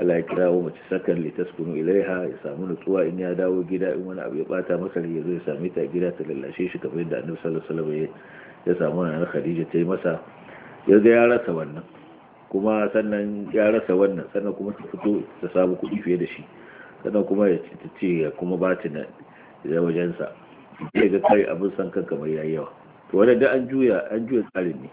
Allah ya kirawo mace sakan kunu ilaiha ya samu nutsuwa in ya dawo gida in wani abu ya bata masa ya zo ya same ta gida ta lallashe shi kamar yadda Annabi sallallahu alaihi wasallam ya samu na Khadija ta yi masa ya ya rasa wannan kuma sannan ya rasa wannan sannan kuma ta fito ta samu kuɗi fiye da shi sannan kuma ya ce ya kuma ba ta nan da wajensa ya ga kai abin san kan kamar ya yawa to wadda da an juya an juya tsarin ne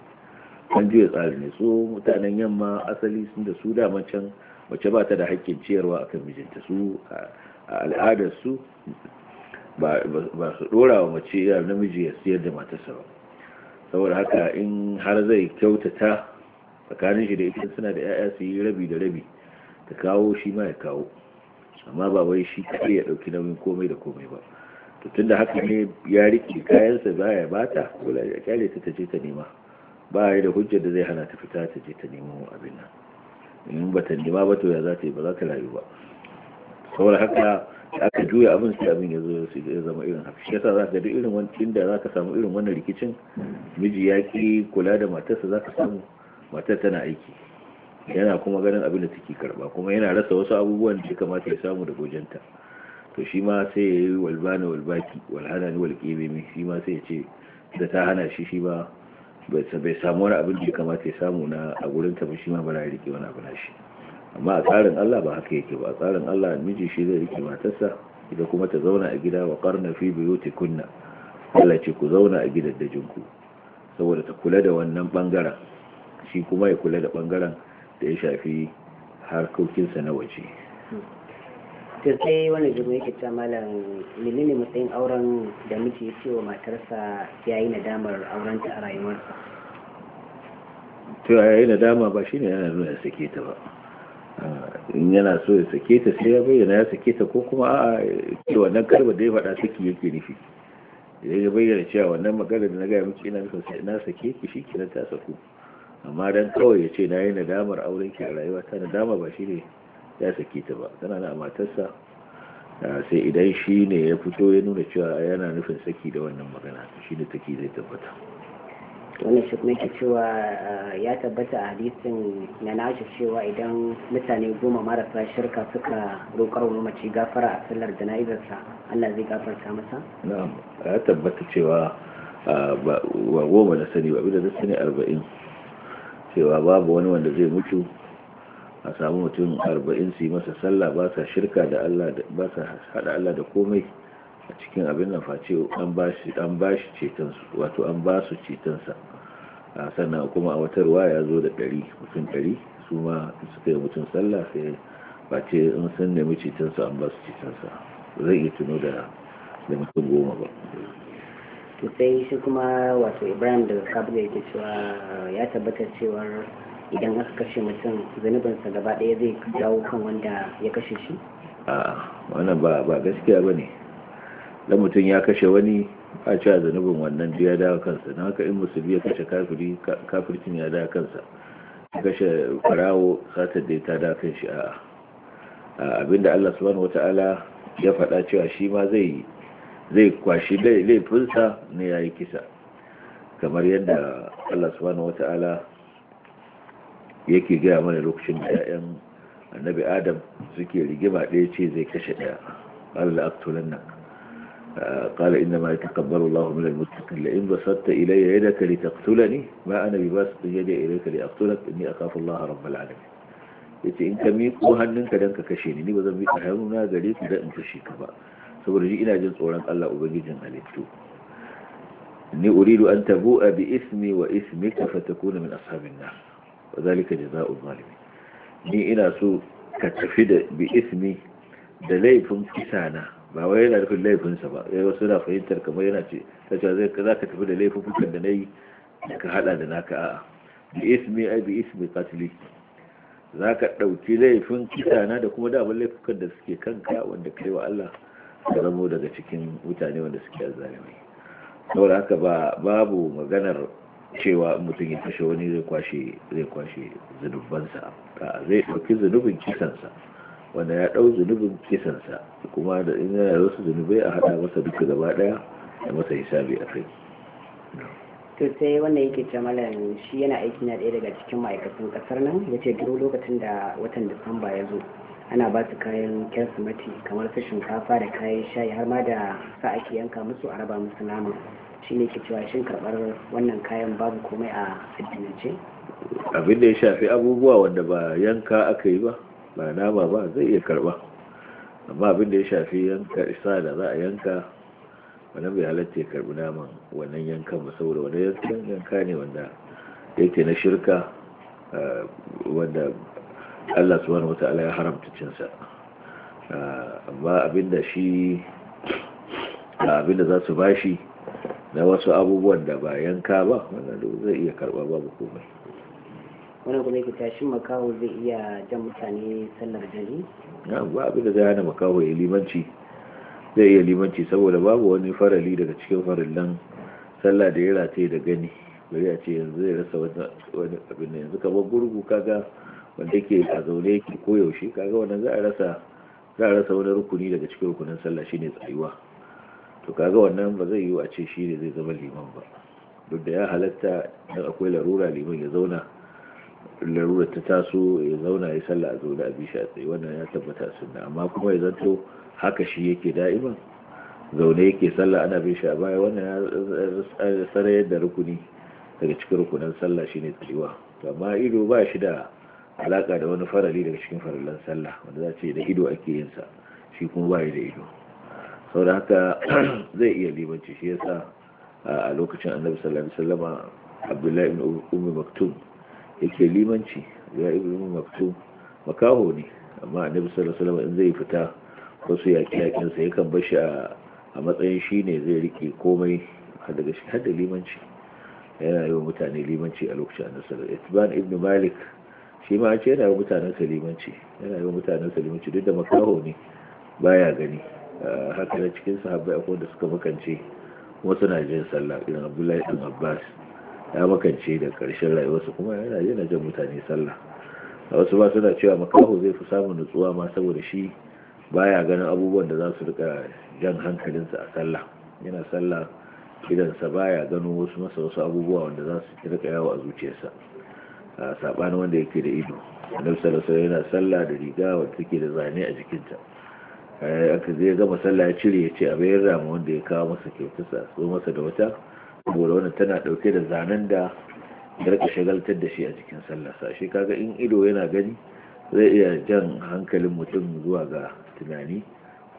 an juya tsarin ne so mutanen yamma asali sun da su dama can mace ba ta da hakkin ciyarwa akan mijinta su a al'adar su ba su dora wa mace ya namiji ya siyar da matarsa ba saboda haka in har zai kyautata tsakanin shi da ita suna da 'ya'ya su yi rabi da rabi ta kawo shi ma ya kawo amma ba wai shi kaɗai ya dauki nauyin komai da komai ba to tunda haka ne ya riƙe kayansa ba ya bata wala ya kyale ta je ta nema ba ya da hujjar da zai hana ta fita ta je ta nemo abin nan in ba ta nema ba to ya za ta yi ba za ta rayu ba saboda haka da aka juya abin sai abin ya zama irin haka shi yasa zaka ga irin wani inda ka samu irin wannan rikicin miji ya kula da matarsa za ka samu mata tana aiki yana kuma ganin abin da take karba kuma yana rasa wasu abubuwan da ya kamata samu da gojenta to shi ma sai ya yi walbana walbaki walhanani shi ma sai ya ce da ta hana shi shi ba bai samu wani abin da ya kamata ya samu na a gurin ta shi ma bara rike wani abu na shi amma a tsarin Allah ba haka yake ba a tsarin Allah miji shi zai rike matarsa idan kuma ta zauna a gida wa karna fi biyuti kunna Allah ce ku zauna a gidan ku saboda ta kula da wannan bangaren shi kuma ya kula da bangaren da ya shafi harkokinsa na waje to sai wani jigo yake ta malam menene matsayin auren da miki ya ce wa matarsa ya yi nadamar aurenta a rayuwarsa to ya yi nadama ba shine yana nuna ya sake ta ba ah, in yana so ya sake ta sai ya bayyana ya sake ta ko kuma a ce wannan karba da ya faɗa saki yake nufi ya bayyana cewa wannan magana da na gaya miki ina nufin na sake ki shi kenan ta saku amma dan kawai ya ce na yi nadamar aurenki a rayuwa ta nadama ba shi ne ya sake ta ba tana na matarsa sai idan shi ne ya fito ya nuna cewa yana nufin saki da wannan magana shi ne take zai tabbata wannan shi kuma cewa ya tabbata a hadisin na nashi cewa idan mutane goma marasa shirka suka roƙar wa mace gafara a sallar jana'izarsa Allah zai gafarta masa na'am ya tabbata cewa ba goma da sani ba bi da sani arba'in cewa babu wani wanda zai mutu a samu mutum arba'in su yi masa sallah ba sa shirka da Allah ba sa hada Allah da komai a cikin abin nan face an ba shi an ba shi ceton su wato an ba su ceton sa sannan kuma a wata ya zo da dari mutum dari su ma suka yi mutum sallah sai face in sun nemi ceton su an ba su ceton sa zai iya tuno da da mutum goma ba to sai shi kuma wato ibrahim daga kabila yake cewa ah, ya tabbata cewa idan aka kashe mutum zanubinsa gaba ɗaya zai dawo kan wanda ya kashe shi wannan ba gaskiya ba ne don mutum ya kashe wani a cewa zanubin wannan ya dawo kansa na haka in musulmi ya kashe kafircin ya dawo kansa kashe farawo satar da ta dawo kan shi a abinda allah subhanahu wata'ala ya faɗa cewa shi ma zai yi. zai kwashi laifinsa ne ya yi kisa kamar yadda Allah subhanahu wa ta'ala yake gaya mana lokacin da 'ya'yan annabi adam suke rigima ɗaya ce zai kashe ɗaya Allah aktulan nan قال إنما يتقبل الله من المتقين لئن بسطت إلي يدك لتقتلني ما أنا بباسط يدي إليك لأقتلك إني أخاف الله رب العالمين yace in ka ko hannunka don ka kashe ni ni ba zan bi hannuna gare ku da in kashe ka ba saboda ni ina jin tsoron Allah ubangijin halittu ni uridu an a bi ismi wa ismi ta fatakuna min ashabin nar wa zalika jazaa'u zalimi. ni ina so ka tafi da bi ismi da laifin kisana ba wai yana nufin laifinsa ba sai wasu na fahimtar kamar yana ce ta zai ka tafi da laifin kukan da nayi da ka hada da naka a'a bi ismi ai bi ismi za zaka dauki laifin kitana da kuma da laifukan da suke kanka wanda kai wa Allah da daga cikin mutane wanda suke azalimai saboda haka ba babu maganar cewa mutum ya kashe wani zai kwashe zai kwashe zunubansa zai ɗauki zunubin kisansa wanda ya ɗau zunubin kisansa kuma da in yana da wasu zunubai a hada masa duka gaba ɗaya da masa hisabi a kai to sai wannan yake ce malam shi yana aiki na ɗaya daga cikin ma'aikatan kasar nan ya ce duk lokacin da watan disamba ya zo ana ba su kayan kirsimati kamar su shinkafa da kayan shayi har ma da sa ake yanka musu a raba musu nama shi ne ke cewa shin karɓar wannan kayan babu komai a addinance abin da ya shafi abubuwa wanda ba yanka aka yi ba ba nama ba zai iya karɓa amma abin da ya shafi yanka isa da za a yanka wannan bai halatta ya karɓi naman wannan yankan ba saboda wani yanka ne wanda yake na shirka eh, wanda Allah subhanahu wata'ala ya haramta cinsa ah, amma abinda shi ah, abinda za su bashi na wasu abubuwan da ba yanka ba wanda zai iya karba babu komai wani kuma yake tashin makawo zai iya jan mutane sallar jari ba abinda zai hana makaho ya limanci zai iya limanci saboda babu wani farali daga cikin farillan salla da ya rataye da gani bari a ce yanzu zai rasa wani abin yanzu kamar gurgu kaga wanda yake a zaune yake koyaushe kaga wannan za a rasa za a rasa wani rukuni daga cikin rukunin sallah shine tsayuwa to kaga wannan ba zai yi a ce shi ne zai zama liman ba duk da ya halatta dan akwai larura liman ya zauna larura ta taso ya zauna ya sallah a zaune a bisha tsaye wannan ya tabbata sunna amma kuma ya zanto haka shi yake da'iman zaune yake sallah ana bin shi a baya wannan ya sarayar da rukuni daga cikin rukunin sallah shine tsayuwa amma ido ba shi da alaka da wani farali daga cikin farallan sallah wanda za ce da ido ake yin sa shi kuma ba da ido sau da haka zai iya limanci shi yasa a lokacin annabi sallallahu alaihi wasallam abdullahi ibn ummi maktum yake limanci abdullahi ibn ummi maktum makaho ne amma annabi sallallahu alaihi wasallam in zai fita wasu yaki yakin sa yakan bashi a matsayin shi ne zai rike komai daga shi har da limanci yana yi wa mutane limanci a lokacin annabi sallallahu alaihi wasallam ibn malik shi ma ce yana yi mutanen salimanci yana yi mutanen salimanci duk da makaho ne baya gani ah, haka da cikin sahabbai akwai da suka makance wasu na jin sallah irin abdullahi dan abbas ya makance da karshen rayuwarsa kuma yana yana jan mutane sallah a wasu ba suna cewa makaho zai fi samun nutsuwa ma saboda shi baya ganin abubuwan da za su rika jan hankalinsa a sallah yana sallah ba baya gano wasu masa wasu abubuwa wanda za su rika yawo a zuciyarsa a sabani wanda yake da ido annabi sallallahu yana sallah da riga wanda take da zane a jikinta eh, aka zai gama sallah ya cire ya ce a bayan rama wanda ya kawo masa kyautarsa so masa da wata saboda wannan tana dauke da zanen da garka shagaltar da shi a cikin sallah sa shi kaga in ido yana gani zai iya jan hankalin mutum zuwa ga tunani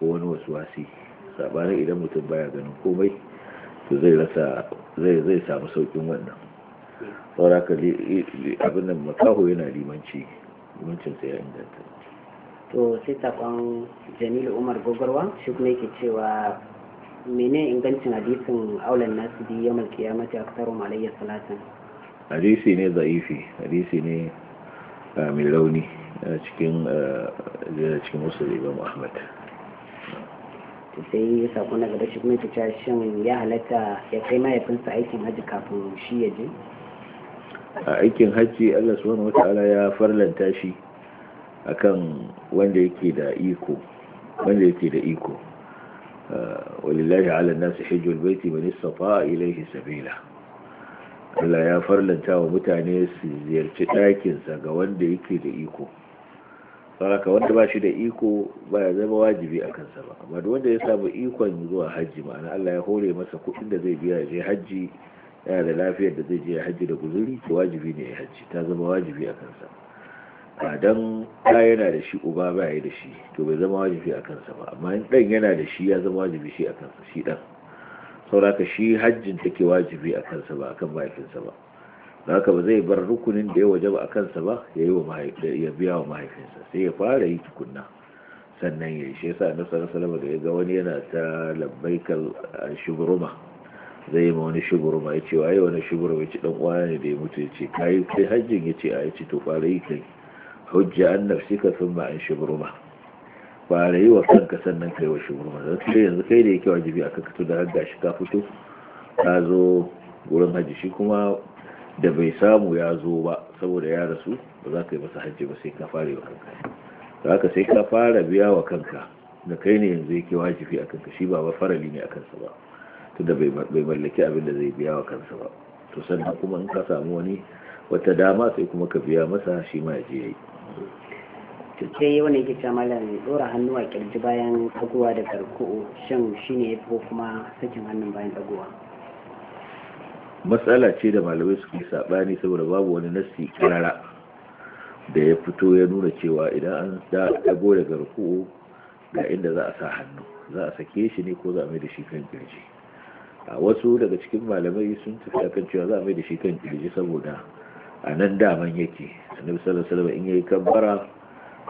ko wani wasu wasi sabanin idan mutum baya ganin komai to zai rasa zai zai samu saukin wannan saura ka abin da makaho yana limanci limancinsa ya inganta to sai takon jamilu umar Gogarwa, shi kuma yake cewa mene ingancin hadisin aulan nasu biyu yamar kiyamata a kasar malayya salatin hadisi ne zaifi hadisi ne ah, mai a cikin ah, cikin musul imam muhammad Ta sai ya sako na gaba shi kuma ya shin ya halatta ya kai mahaifinsa aikin hajji kafin shi ya je a aikin hajji Allah subhanahu wata'ala ya farlanta shi akan wanda yake da iko wanda yake da iko uh, walillahi ala nasi hajjul baiti man istata'a ilayhi sabila Allah ya farlanta wa mutane su ziyarci ɗakinsa ga wanda yake da iko haka wanda ba shi da iko ba ya zama wajibi a kansa ba amma duk wanda ya samu ikon zuwa hajji ma'ana Allah ya hore masa kuɗin da zai biya je hajji yana da lafiyar da zai je ya hajji da guzuri ko wajibi ne ya hajji ta zama wajibi a kansa ba dan ɗa yana da shi uba ba ya da shi to bai zama wajibi a kansa ba amma in ɗan yana da shi ya zama wajibi shi a kansa shi ɗan sauraka shi hajjin take wajibi a kansa ba akan mahaifinsa ba da haka ba zai bar rukunin da ya ba a kansa ba ya yi wa ya biya wa mahaifinsa sai ya fara yi tukunna sannan ya shi yasa na sallallahu da ya ga wani yana ta labbaikal shubruma zai yi ma wani shuguru ma ya ce yi wani shuguru ya ce dan kwaya ne da ya mutu ya ce Ka yi kai hajjin ya ce a ya ce to yi kai hujja an ka sun ma an shuguru ma yi wa kanka sannan kai wa shuguru ma zai ce yanzu kai da yake wajibi a fito da hajja shi ka fito ka zo wurin hajji shi kuma da bai samu ya zo ba saboda ya rasu ba za ka yi masa hajji ba sai ka fara wa kanka Za haka sai ka fara biya wa kanka da kai ne yanzu yake wajibi a kanka shi ba ba farali ne a kansa ba tunda bai mallaki abin da zai biya wa kansa ba to sannan kuma in ka samu wani wata dama sai kuma ka biya masa shi ma ya je yi to sai wani yake cewa dora hannu a kirji bayan aguwa da karko shi ne ya ko kuma sakin hannun bayan aguwa matsala ce da malamai suke ne saboda babu wani nassi kirara da ya fito ya nuna cewa idan an dago da garko ga inda za a sa hannu za a sake shi ne ko za a mai da shi kan kirji A wasu daga cikin malamai sun tafi akan cewa za a mai da shi kan kirji saboda a nan daman yake annabi sallallahu alaihi wasallam in yayi kabbara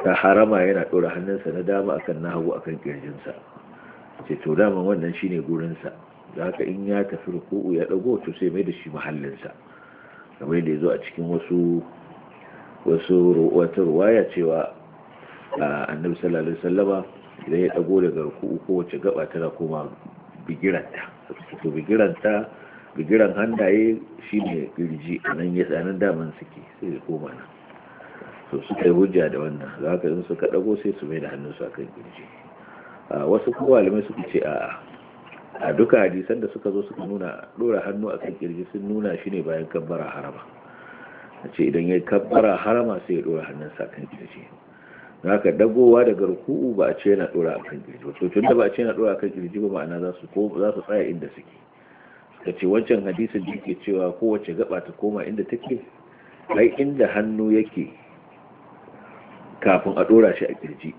ta harama yana dora hannunsa na dama akan na hagu akan kirjinsa ce to daman wannan shine gurin sa da haka in ya tafi ruku'u ya dago to sai mai da shi mahallin sa kamar yadda yazo a cikin wasu wasu wata ruwaya cewa annabi sallallahu alaihi wasallama idan ya dago daga ruku'u kowace gaba tana koma bigiranta to bigiranta bigiran hannaye shi ne girji a nan ya tsanin daman suke sai ya koma nan to suka yi hujja da wannan za ka yin suka ɗago sai su mai da hannunsu akan girji wasu kuma alimai suka ce a a duka hadisan da suka zo suka nuna ɗora hannu a kan kirji sun nuna shi ne bayan kabbara harama a ce idan ya kabbara harama sai ya ɗora hannunsa kan kirji haka dagowa daga ruku'u ba a ce yana dora akan kirji to tun da ba a ce yana dora akan kirji ba ma'ana za su ko za su tsaya inda suke suka ce wancan hadisin da yake cewa kowace gaba ta koma inda take ai inda hannu yake kafin a dora shi a kirji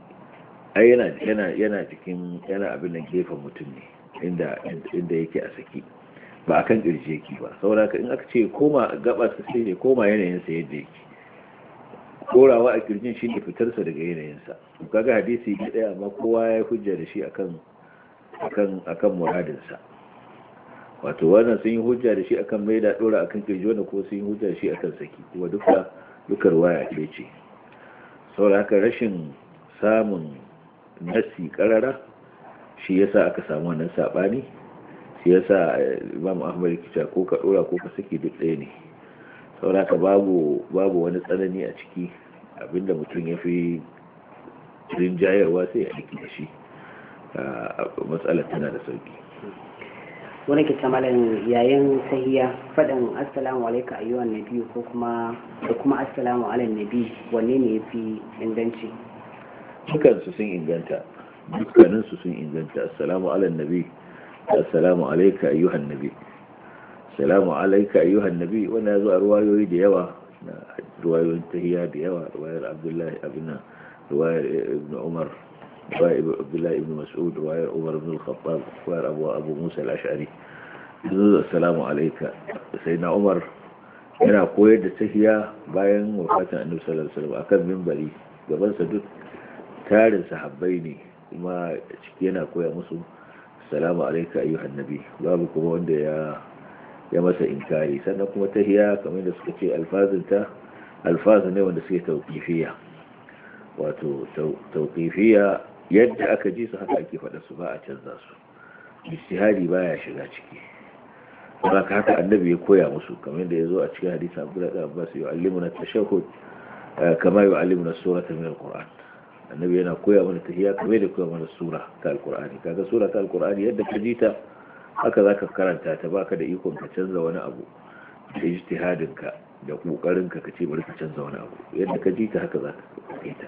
ai yana yana yana cikin yana abin nan gefen mutum ne inda inda yake a saki ba kan kirji yake ba saboda in aka ce koma gaba sai koma yanayin sa yadda yake korawa a kirjin shi ne fitarsa daga yanayinsa kaga hadisi ne ɗaya amma kowa ya hujja da shi akan akan muradinsa wato wannan sun yi hujja da shi akan mai da ɗora akan kirji wanda ko sun yi hujja da shi akan saki kuma duka duka ruwaya ce ce saboda haka rashin samun nasi karara shi yasa aka samu wannan sabani shi yasa eh, Imam Ahmad kica ko ka ɗora ko ka saki duk ɗaya ne saboda babu babu wani tsanani a ciki abinda mutum ya fi rinjayarwa sai aiki da shi matsalar tana da sauki wani ke kamalin yayin sahiya faɗin assalamu alaika ayyuan nabi ko kuma da kuma assalamu alan nabi wanne ne ya fi inganci dukansu sun inganta dukkaninsu sun inganta assalamu alan nabi assalamu alaika ayyuhan nabi assalamu alaika ayyuhan nabi wanda ya zo a ruwayoyi da yawa ruwayoyin tahiya da yawa ruwayar abdullahi abin ruwayar ibn umar ruwayar abdullahi ibn mas'ud ruwayar umar ibn al-khattab ruwayar abu abu musa al-ash'ari yanzu assalamu alayka sai na umar yana koyar da tahiya bayan wafatin annabi sallallahu alaihi wasallam akan mimbari, gaban sa duk tarin sahabbai ne kuma ciki yana koya musu assalamu alayka ayyuhan nabi babu kuma wanda ya ya masa inkari sannan kuma tahiya kamar da suka ce alfazinta alfazin ne wanda suke taukifiya, wato taukifiya yadda aka ji su haka ake faɗa su ba a canza su istihari baya shiga ciki ka haka annabi ya koya musu kamar da ya zo a cikin hadisi abdullahi abbas yu'allimuna tashahhud na sura ta min qur'an, annabi yana koya mana tahiya kamar da koya mana sura ta alqur'ani kaga sura ta al-qur'ani yadda ka ji ta haka za ka karanta ta baka da ikon ka canza wani abu da ka da kokarin ka ce bari ka canza wani abu yadda ka ji ta haka za ka kai ta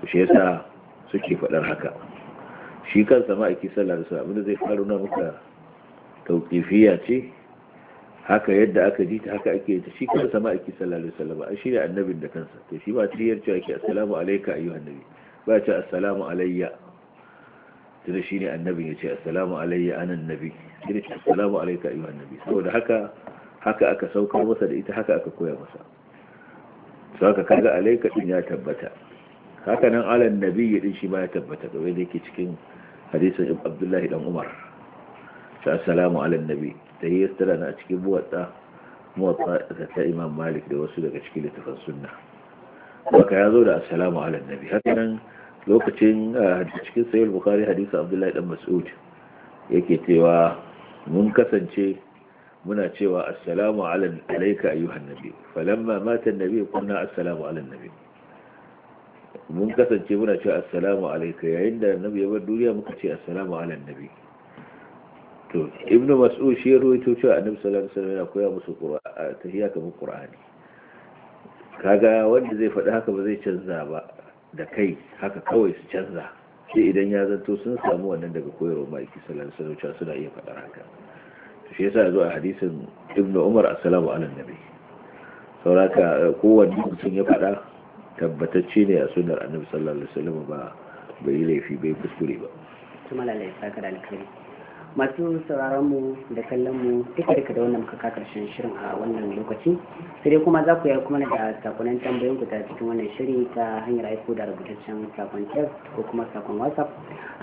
to shi yasa suke fadar haka shi kansa ma'aiki sallallahu alaihi wasallam abinda zai faru na muka tauqifiya ce haka yadda aka ji ta haka ake ta shi kansa sama sallallahu alaihi wasallam ai shi ne annabin da kansa to shi ba tiyar cewa ke assalamu alayka ayyuhan nabi ba ce assalamu alayya tunda shi ne annabin ya ce assalamu alayya anan nabi shi ne assalamu alayka ayyuhan nabi saboda haka haka aka saukar masa da ita haka aka koya masa sau haka kaga alayka din ya tabbata haka nan alan nabi din shi ba ya tabbata kawai da yake cikin hadisin abdullahi dan umar ta assalamu alan nabi ta yi yastara na a cikin buwatsa muwatsa ta imam malik da wasu daga cikin littafin sunna haka ya zo da assalamu alan nabi haka nan lokacin ah, cikin sayar bukari hadisa abdullahi dan mas'ud yake cewa mun kasance muna cewa assalamu alaika ayyuhan nabi falamma mata nabi kunna assalamu ala nabi mun kasance muna cewa assalamu alaika yayin da nabi ya bar duniya muka ce assalamu ala nabi to ibn mas'ud shi ya rawaito cewa annabi sallallahu alaihi wasallam ya koya musu qur'ani ah, tahiyya kamar qur'ani kaga wanda zai faɗi haka ba zai canza ba da kai haka kawai su canza sai idan ya zanto sun samu wannan daga koyarwa ma'aiki sallallahu wuce su suna iya faɗar haka shi yasa a hadisin ibnu umar assalamu ala nabi sauraka eh, kowanne mutum ya faɗa tabbatacce ne a sunnar annabi sallallahu alaihi wasallam ba bai laifi bai kuskure ba kuma lalai saka da alkhairi masu sauraron mu da kallon mu duka duka da wannan muka karshen shirin a wannan lokaci sai dai kuma za ku yi kuma da sakonin tambayoyin ku ta cikin wannan shiri ta hanyar aiko da rubutaccen sakon text ko kuma sakon whatsapp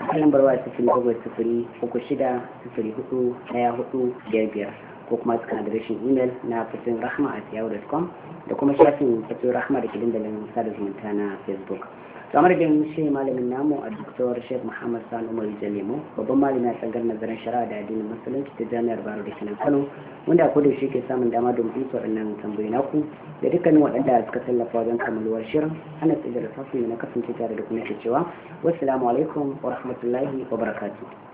a kan lambar waya sifiri bakwai sifiri uku shida sifiri hudu daya hudu biyar biyar ko kuma cikin adireshin imel na fitin rahma at yahoo.com da kuma shafin fito rahma da ke dandalin sada zumunta na facebook kamar da mu shi malamin namu a doktor Sheikh Muhammad Sani Umar jalimu babban malami a tsangar nazarin shari'a da addinin musulunci ta Jami'ar Baro da Kinan Kano wanda ko da shi ke samun dama don bisa waɗannan tambayi naku da dukkanin waɗanda suka tallafa wajen kammaluwar shirin ana tsijar da safi na kasance tare da kuma cewa wassalamu alaikum wa rahmatullahi wa barakatuh